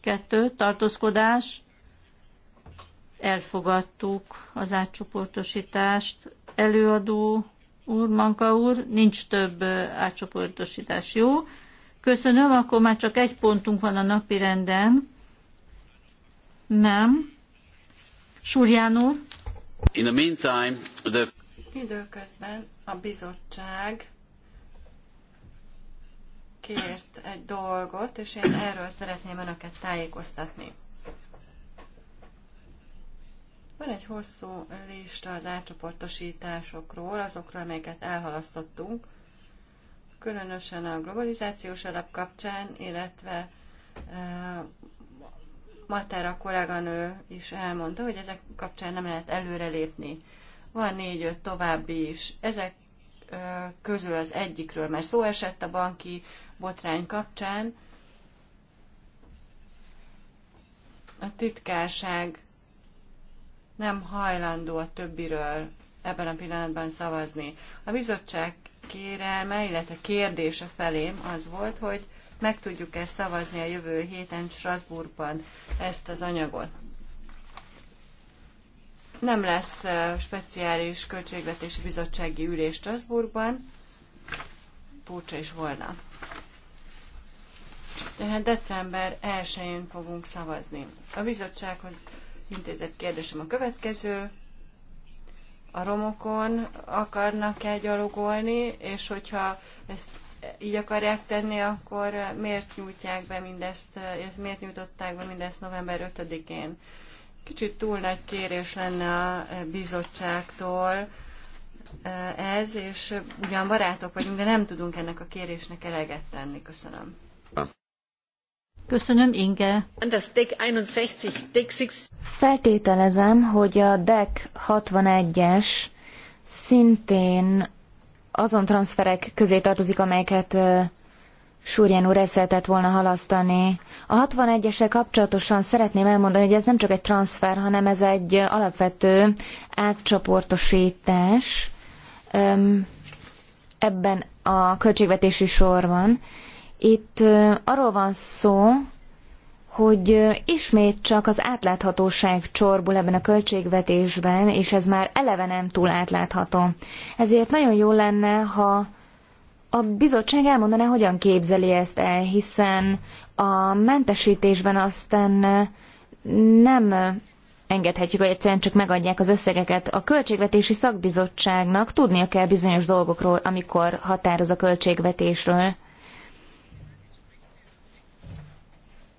Kettő, tartózkodás. Elfogadtuk az átcsoportosítást. Előadó úr, Manka úr, nincs több átcsoportosítás. Jó. Köszönöm, akkor már csak egy pontunk van a napi renden. Nem. Súrján úr. In the meantime, the... Időközben a bizottság kért egy dolgot, és én erről szeretném önöket tájékoztatni. Van egy hosszú lista az átcsoportosításokról, azokról, amelyeket elhalasztottunk, különösen a globalizációs alap kapcsán, illetve e, Matera kolléganő is elmondta, hogy ezek kapcsán nem lehet előrelépni. Van négy-öt további is. Ezek közül az egyikről, mert szó esett a banki botrány kapcsán. A titkárság nem hajlandó a többiről ebben a pillanatban szavazni. A bizottság kérelme, illetve kérdése felém az volt, hogy meg tudjuk-e szavazni a jövő héten Strasbourgban ezt az anyagot nem lesz speciális költségvetési bizottsági ülés Strasbourgban, furcsa is volna. Tehát december 1-én fogunk szavazni. A bizottsághoz intézett kérdésem a következő. A romokon akarnak-e gyalogolni, és hogyha ezt így akarják tenni, akkor miért nyújtják be mindezt, miért nyújtották be mindezt november 5-én? Kicsit túl nagy kérés lenne a bizottságtól e, ez, és ugyan barátok vagyunk, de nem tudunk ennek a kérésnek eleget tenni. Köszönöm. Köszönöm, Inge. Feltételezem, hogy a DEC 61-es szintén azon transferek közé tartozik, amelyeket e, Súrján úr ezzel volna halasztani. A 61-esre kapcsolatosan szeretném elmondani, hogy ez nem csak egy transfer, hanem ez egy alapvető átcsoportosítás ebben a költségvetési sorban. Itt arról van szó, hogy ismét csak az átláthatóság csorbul ebben a költségvetésben, és ez már eleve nem túl átlátható. Ezért nagyon jó lenne, ha a bizottság elmondaná, hogyan képzeli ezt el, hiszen a mentesítésben aztán nem engedhetjük, hogy egyszerűen csak megadják az összegeket. A költségvetési szakbizottságnak tudnia kell bizonyos dolgokról, amikor határoz a költségvetésről.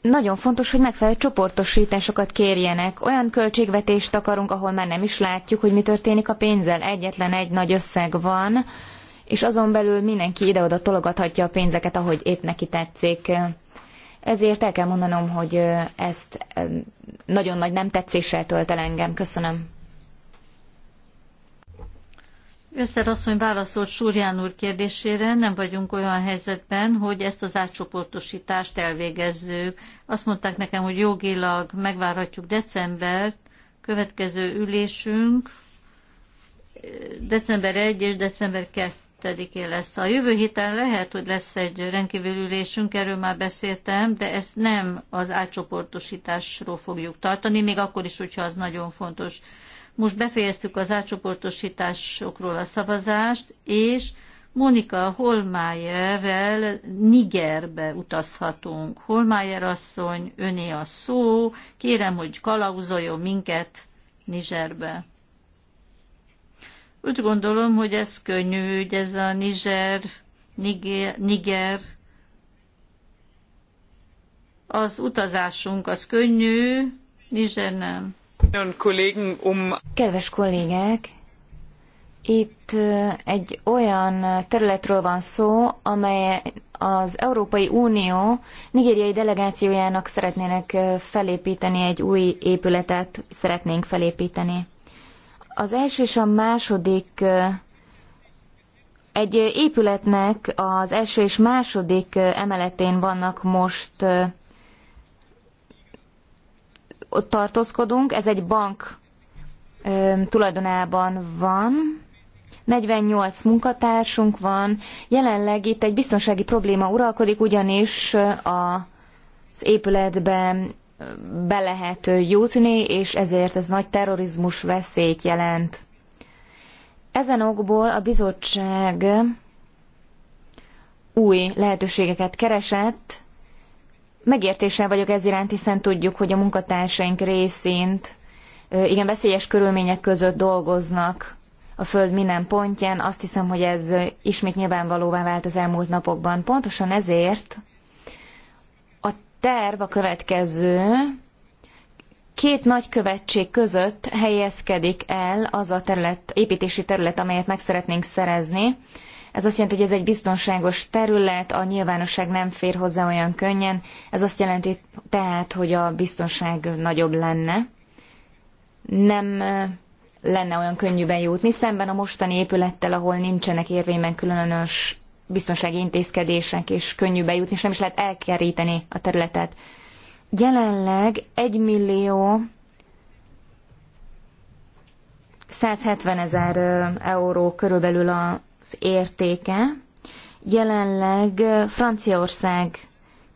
Nagyon fontos, hogy megfelelő csoportosításokat kérjenek. Olyan költségvetést akarunk, ahol már nem is látjuk, hogy mi történik a pénzzel. Egyetlen egy nagy összeg van, és azon belül mindenki ide-oda tologathatja a pénzeket, ahogy épp neki tetszik. Ezért el kell mondanom, hogy ezt nagyon nagy nem tetszéssel tölt el engem. Köszönöm. Őszer asszony válaszolt Súrján úr kérdésére, nem vagyunk olyan helyzetben, hogy ezt az átcsoportosítást elvégezzük. Azt mondták nekem, hogy jogilag megvárhatjuk decembert, következő ülésünk december 1 és december 2 27-én lesz. A jövő héten lehet, hogy lesz egy rendkívül ülésünk, erről már beszéltem, de ezt nem az átcsoportosításról fogjuk tartani, még akkor is, hogyha az nagyon fontos. Most befejeztük az átcsoportosításokról a szavazást, és Monika Holmájerrel Nigerbe utazhatunk. Holmájer asszony, öné a szó, kérem, hogy kalauzoljon minket Nigerbe. Úgy gondolom, hogy ez könnyű, hogy ez a Niger, Niger, Niger az utazásunk az könnyű, Niger nem. Um- Kedves kollégák, itt egy olyan területről van szó, amely az Európai Unió nigériai delegációjának szeretnének felépíteni egy új épületet, szeretnénk felépíteni. Az első és a második egy épületnek az első és második emeletén vannak most ott tartózkodunk, ez egy bank tulajdonában van, 48 munkatársunk van, jelenleg itt egy biztonsági probléma uralkodik, ugyanis az épületben be lehet jutni, és ezért ez nagy terrorizmus veszélyt jelent. Ezen okból a bizottság új lehetőségeket keresett. Megértéssel vagyok ez iránt, hiszen tudjuk, hogy a munkatársaink részint igen veszélyes körülmények között dolgoznak a Föld minden pontján. Azt hiszem, hogy ez ismét nyilvánvalóvá vált az elmúlt napokban. Pontosan ezért terv a következő. Két nagy követség között helyezkedik el az a terület, építési terület, amelyet meg szeretnénk szerezni. Ez azt jelenti, hogy ez egy biztonságos terület, a nyilvánosság nem fér hozzá olyan könnyen. Ez azt jelenti tehát, hogy a biztonság nagyobb lenne. Nem lenne olyan könnyűben jutni, szemben a mostani épülettel, ahol nincsenek érvényben különös biztonsági intézkedések, és könnyű bejutni, és nem is lehet elkeríteni a területet. Jelenleg 1 millió 170 ezer euró körülbelül az értéke. Jelenleg Franciaország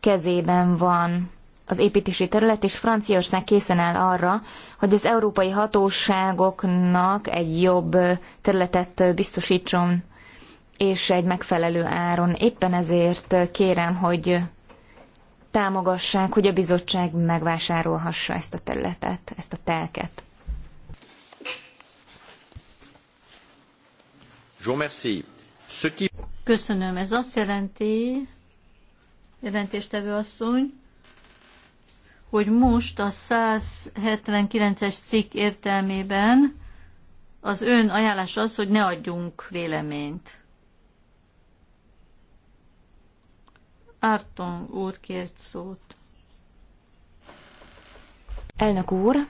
kezében van az építési terület, és Franciaország készen áll arra, hogy az európai hatóságoknak egy jobb területet biztosítson és egy megfelelő áron. Éppen ezért kérem, hogy támogassák, hogy a bizottság megvásárolhassa ezt a területet, ezt a telket. Köszönöm. Ez azt jelenti, jelentéstevő asszony, hogy most a 179-es cikk értelmében az ön ajánlás az, hogy ne adjunk véleményt. Arton úr kért szót. Elnök úr,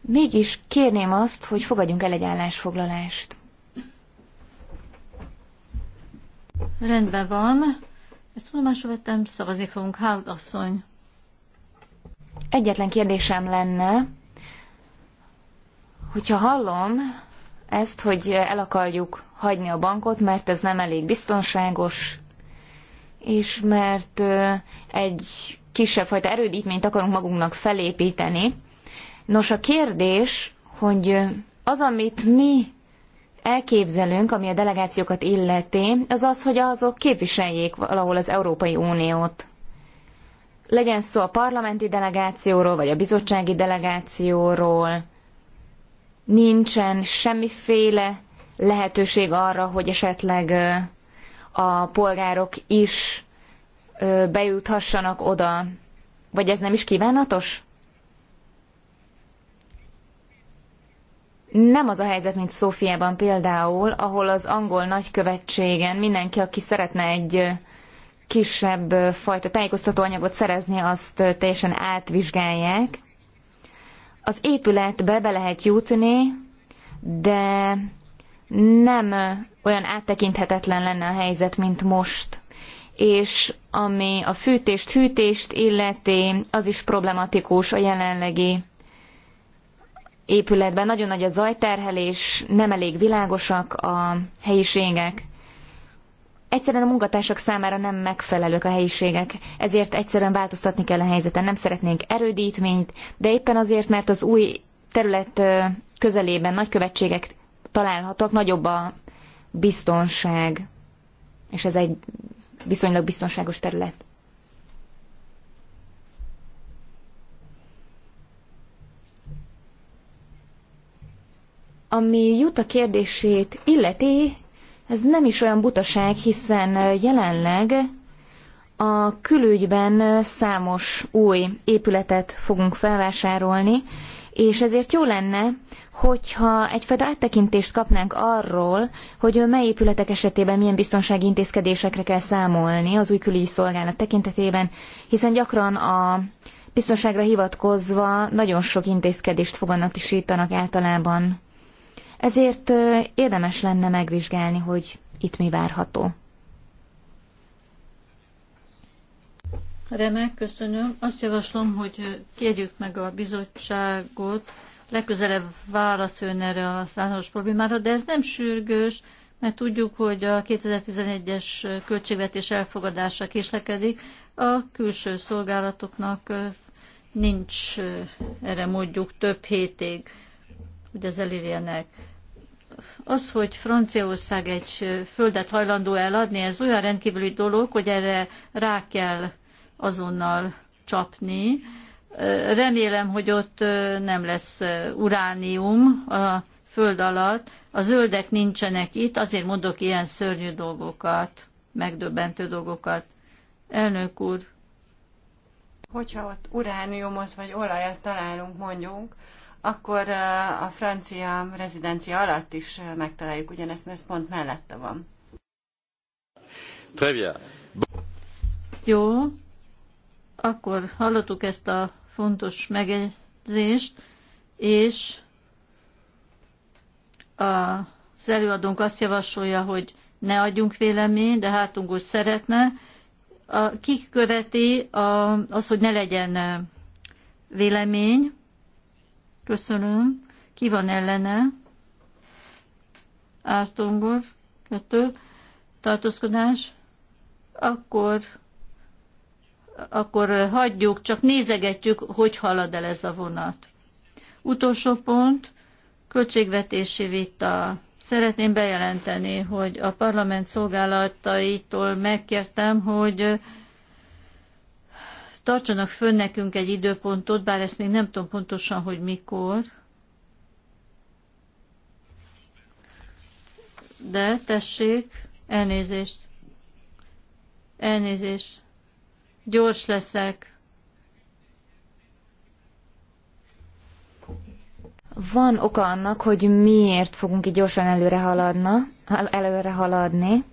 mégis kérném azt, hogy fogadjunk el egy állásfoglalást. Rendben van. Ezt tudomásra vettem, szavazni fogunk. Hálk asszony. Egyetlen kérdésem lenne, hogyha hallom ezt, hogy el akarjuk hagyni a bankot, mert ez nem elég biztonságos, és mert egy kisebb fajta erődítményt akarunk magunknak felépíteni. Nos, a kérdés, hogy az, amit mi elképzelünk, ami a delegációkat illeti, az az, hogy azok képviseljék valahol az Európai Uniót. Legyen szó a parlamenti delegációról, vagy a bizottsági delegációról, nincsen semmiféle lehetőség arra, hogy esetleg a polgárok is bejuthassanak oda, vagy ez nem is kívánatos? Nem az a helyzet, mint Szófiában például, ahol az angol nagykövetségen mindenki, aki szeretne egy kisebb fajta tájékoztatóanyagot szerezni, azt teljesen átvizsgálják. Az épületbe be lehet jutni, de nem olyan áttekinthetetlen lenne a helyzet, mint most. És ami a fűtést, hűtést illeti, az is problematikus a jelenlegi épületben. Nagyon nagy a zajterhelés, nem elég világosak a helyiségek. Egyszerűen a munkatársak számára nem megfelelők a helyiségek, ezért egyszerűen változtatni kell a helyzeten. Nem szeretnénk erődítményt, de éppen azért, mert az új terület közelében nagykövetségek találhatók, nagyobb a biztonság, és ez egy viszonylag biztonságos terület. Ami jut a kérdését illeti, ez nem is olyan butaság, hiszen jelenleg a külügyben számos új épületet fogunk felvásárolni, és ezért jó lenne, hogyha egyfajta áttekintést kapnánk arról, hogy mely épületek esetében milyen biztonsági intézkedésekre kell számolni az új külügyi szolgálat tekintetében, hiszen gyakran a biztonságra hivatkozva nagyon sok intézkedést foganatosítanak általában. Ezért érdemes lenne megvizsgálni, hogy itt mi várható. Remek, köszönöm. Azt javaslom, hogy kérjük meg a bizottságot, legközelebb válaszoljon erre a szállás problémára, de ez nem sürgős, mert tudjuk, hogy a 2011-es költségvetés elfogadása késlekedik. A külső szolgálatoknak nincs erre mondjuk több hétig, hogy ez elérjenek. Az, hogy Franciaország egy földet hajlandó eladni, ez olyan rendkívüli dolog, hogy erre rá kell azonnal csapni. Remélem, hogy ott nem lesz uránium a föld alatt. A zöldek nincsenek itt, azért mondok ilyen szörnyű dolgokat, megdöbbentő dolgokat. Elnök úr, hogyha ott urániumot vagy olajat találunk mondjuk, akkor a francia rezidencia alatt is megtaláljuk ugyanezt, mert ez pont mellette van. Très bien. Jó, akkor hallottuk ezt a fontos megjegyzést, és az előadónk azt javasolja, hogy ne adjunk véleményt, de hátunk úgy szeretne. A, kik követi a, az, hogy ne legyen vélemény? Köszönöm. Ki van ellene? Ártongor, kettő. Tartózkodás. Akkor akkor eh, hagyjuk, csak nézegetjük, hogy halad el ez a vonat. Utolsó pont, költségvetési vita. Szeretném bejelenteni, hogy a parlament szolgálataitól megkértem, hogy eh, tartsanak fönn nekünk egy időpontot, bár ezt még nem tudom pontosan, hogy mikor. De tessék, elnézést. Elnézést. Gyors leszek. Van oka annak, hogy miért fogunk így gyorsan előre, haladna, előre haladni.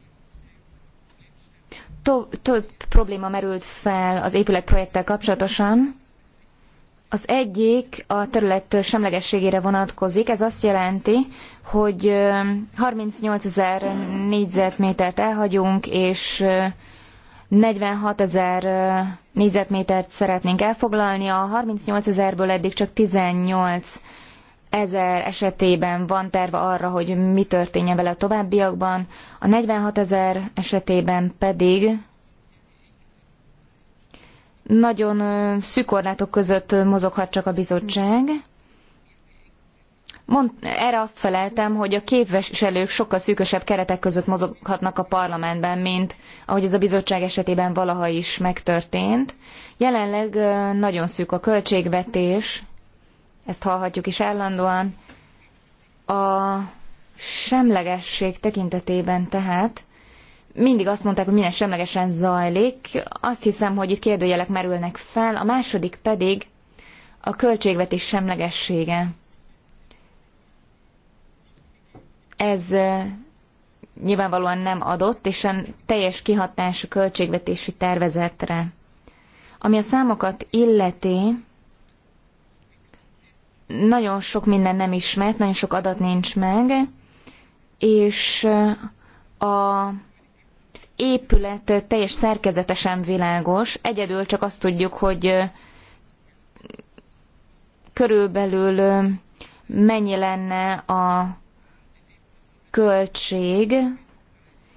Több probléma merült fel az épületprojekttel kapcsolatosan. Az egyik a terület semlegességére vonatkozik. Ez azt jelenti, hogy 38 ezer négyzetmétert elhagyunk, és 46 ezer négyzetmétert szeretnénk elfoglalni, a 38 ezerből eddig csak 18 ezer esetében van terve arra, hogy mi történjen vele a továbbiakban, a 46 ezer esetében pedig nagyon szűk között mozoghat csak a bizottság. Mond, erre azt feleltem, hogy a képviselők sokkal szűkösebb keretek között mozoghatnak a parlamentben, mint ahogy ez a bizottság esetében valaha is megtörtént. Jelenleg nagyon szűk a költségvetés, ezt hallhatjuk is állandóan. A semlegesség tekintetében tehát mindig azt mondták, hogy minden semlegesen zajlik. Azt hiszem, hogy itt kérdőjelek merülnek fel. A második pedig a költségvetés semlegessége. Ez nyilvánvalóan nem adott, és a teljes a költségvetési tervezetre. Ami a számokat illeti, nagyon sok minden nem ismert, nagyon sok adat nincs meg, és a az épület teljes szerkezetesen világos, egyedül csak azt tudjuk, hogy körülbelül mennyi lenne a költség,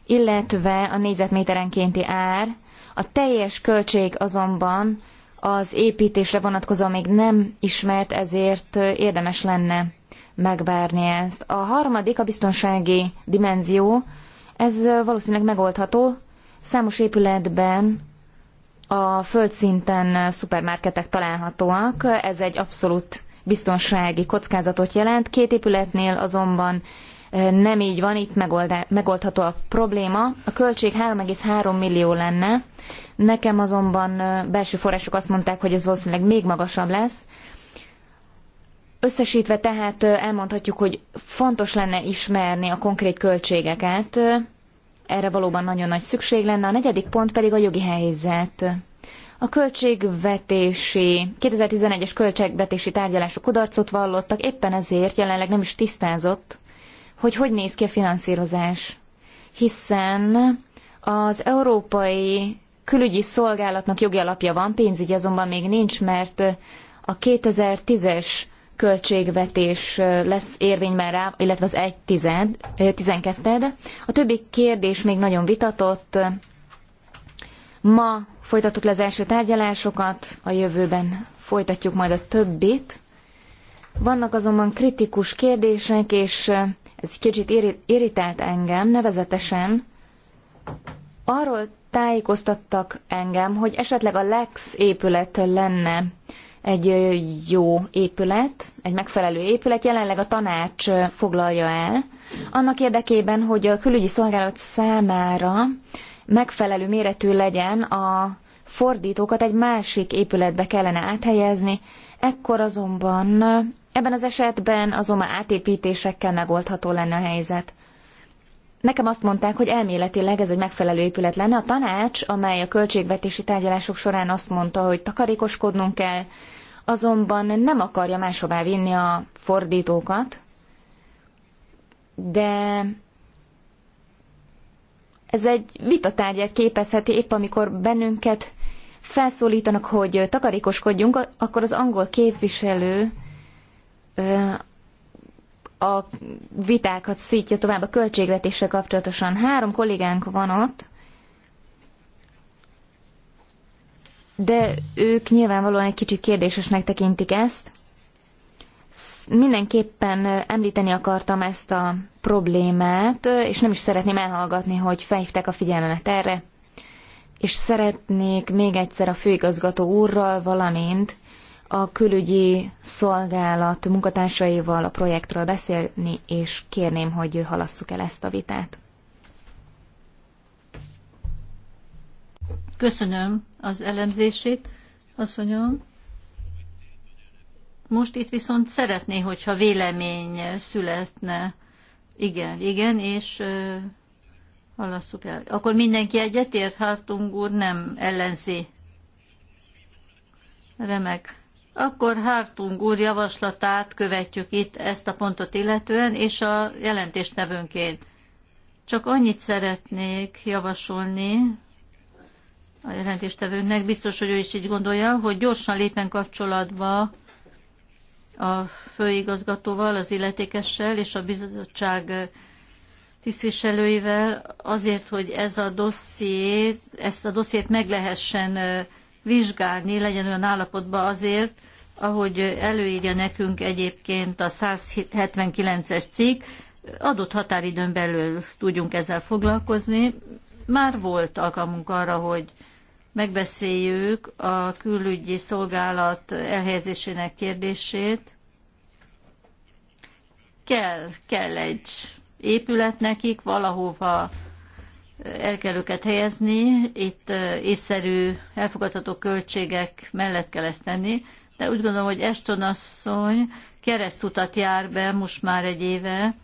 illetve a négyzetméterenkénti ár, a teljes költség azonban az építésre vonatkozó még nem ismert, ezért érdemes lenne megvárni ezt. A harmadik, a biztonsági dimenzió, ez valószínűleg megoldható. Számos épületben a földszinten szupermarketek találhatóak, ez egy abszolút biztonsági kockázatot jelent. Két épületnél azonban nem így van, itt megoldá, megoldható a probléma. A költség 3,3 millió lenne, nekem azonban belső források azt mondták, hogy ez valószínűleg még magasabb lesz. Összesítve tehát elmondhatjuk, hogy fontos lenne ismerni a konkrét költségeket, erre valóban nagyon nagy szükség lenne. A negyedik pont pedig a jogi helyzet. A költségvetési, 2011-es költségvetési tárgyalások kudarcot vallottak, éppen ezért jelenleg nem is tisztázott hogy hogy néz ki a finanszírozás. Hiszen az európai külügyi szolgálatnak jogi alapja van, pénzügyi azonban még nincs, mert a 2010-es költségvetés lesz érvényben rá, illetve az 1 tized, 12 A többi kérdés még nagyon vitatott. Ma folytattuk le az első tárgyalásokat, a jövőben folytatjuk majd a többit. Vannak azonban kritikus kérdések, és ez kicsit irritált engem, nevezetesen arról tájékoztattak engem, hogy esetleg a Lex épület lenne egy jó épület, egy megfelelő épület, jelenleg a tanács foglalja el, annak érdekében, hogy a külügyi szolgálat számára megfelelő méretű legyen a fordítókat egy másik épületbe kellene áthelyezni, ekkor azonban Ebben az esetben azonban átépítésekkel megoldható lenne a helyzet. Nekem azt mondták, hogy elméletileg ez egy megfelelő épület lenne. A tanács, amely a költségvetési tárgyalások során azt mondta, hogy takarékoskodnunk kell, azonban nem akarja máshová vinni a fordítókat, de ez egy vitatárgyát képezheti épp amikor bennünket felszólítanak, hogy takarékoskodjunk, akkor az angol képviselő a vitákat szítja tovább a költségvetéssel kapcsolatosan. Három kollégánk van ott, de ők nyilvánvalóan egy kicsit kérdésesnek tekintik ezt. Mindenképpen említeni akartam ezt a problémát, és nem is szeretném elhallgatni, hogy fejtek a figyelmemet erre. És szeretnék még egyszer a főigazgató úrral, valamint a külügyi szolgálat munkatársaival a projektről beszélni, és kérném, hogy halasszuk el ezt a vitát. Köszönöm az elemzését, asszonyom. Most itt viszont szeretné, hogyha vélemény születne. Igen, igen, és halasszuk hallasszuk el. Akkor mindenki egyetért, Hartung úr nem ellenzi. Remek akkor Hartung úr javaslatát követjük itt ezt a pontot illetően, és a jelentéstevőnként. Csak annyit szeretnék javasolni a jelentéstevőnknek, biztos, hogy ő is így gondolja, hogy gyorsan lépen kapcsolatba a főigazgatóval, az illetékessel és a bizottság tisztviselőivel azért, hogy ez a dossziét, ezt a dossziét meg lehessen vizsgálni, legyen olyan állapotban azért, ahogy előírja nekünk egyébként a 179-es cikk, adott határidőn belül tudjunk ezzel foglalkozni. Már volt alkalmunk arra, hogy megbeszéljük a külügyi szolgálat elhelyezésének kérdését. Kell, kell egy épület nekik, valahova el kell őket helyezni, itt észszerű, elfogadható költségek mellett kell ezt tenni, de úgy gondolom, hogy Eston asszony keresztutat jár be most már egy éve,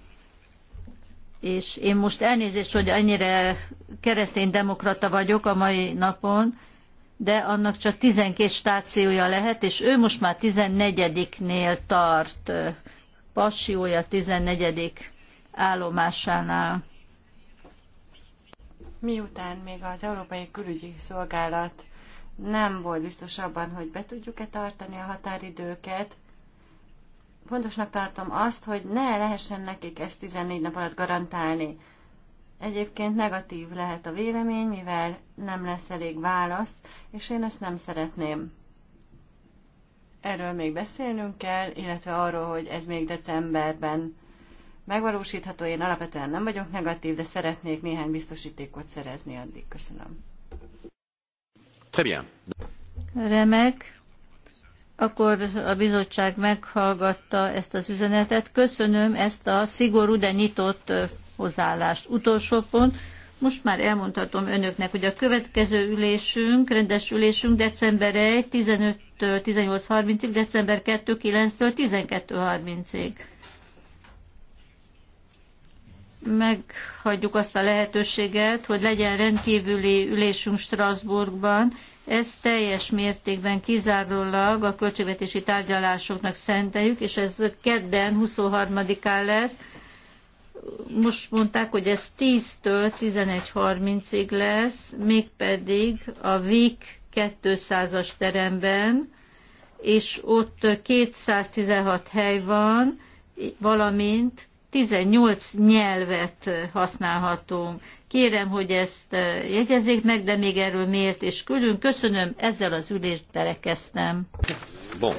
és én most elnézést, hogy annyira keresztény demokrata vagyok a mai napon, de annak csak 12 stációja lehet, és ő most már 14-nél tart, passiója 14. állomásánál. Miután még az Európai Külügyi Szolgálat nem volt biztos abban, hogy be tudjuk-e tartani a határidőket, fontosnak tartom azt, hogy ne lehessen nekik ezt 14 nap alatt garantálni. Egyébként negatív lehet a vélemény, mivel nem lesz elég válasz, és én ezt nem szeretném. Erről még beszélnünk kell, illetve arról, hogy ez még decemberben megvalósítható. Én alapvetően nem vagyok negatív, de szeretnék néhány biztosítékot szerezni addig. Köszönöm. Très bien. Remek. Akkor a bizottság meghallgatta ezt az üzenetet. Köszönöm ezt a szigorú, de nyitott hozzáállást. Utolsó pont. Most már elmondhatom önöknek, hogy a következő ülésünk, rendes ülésünk december 1, 15-től 18.30-ig, december 2, 9-től 12.30-ig meghagyjuk azt a lehetőséget, hogy legyen rendkívüli ülésünk Strasbourgban. Ez teljes mértékben kizárólag a költségvetési tárgyalásoknak szenteljük, és ez kedden 23-án lesz. Most mondták, hogy ez 10-től 11.30-ig lesz, mégpedig a VIK 200-as teremben, és ott 216 hely van, valamint 18 nyelvet használhatunk. Kérem, hogy ezt eh, jegyezzék meg, de még erről miért és külön. Köszönöm, ezzel az ülést berekeztem. Bon.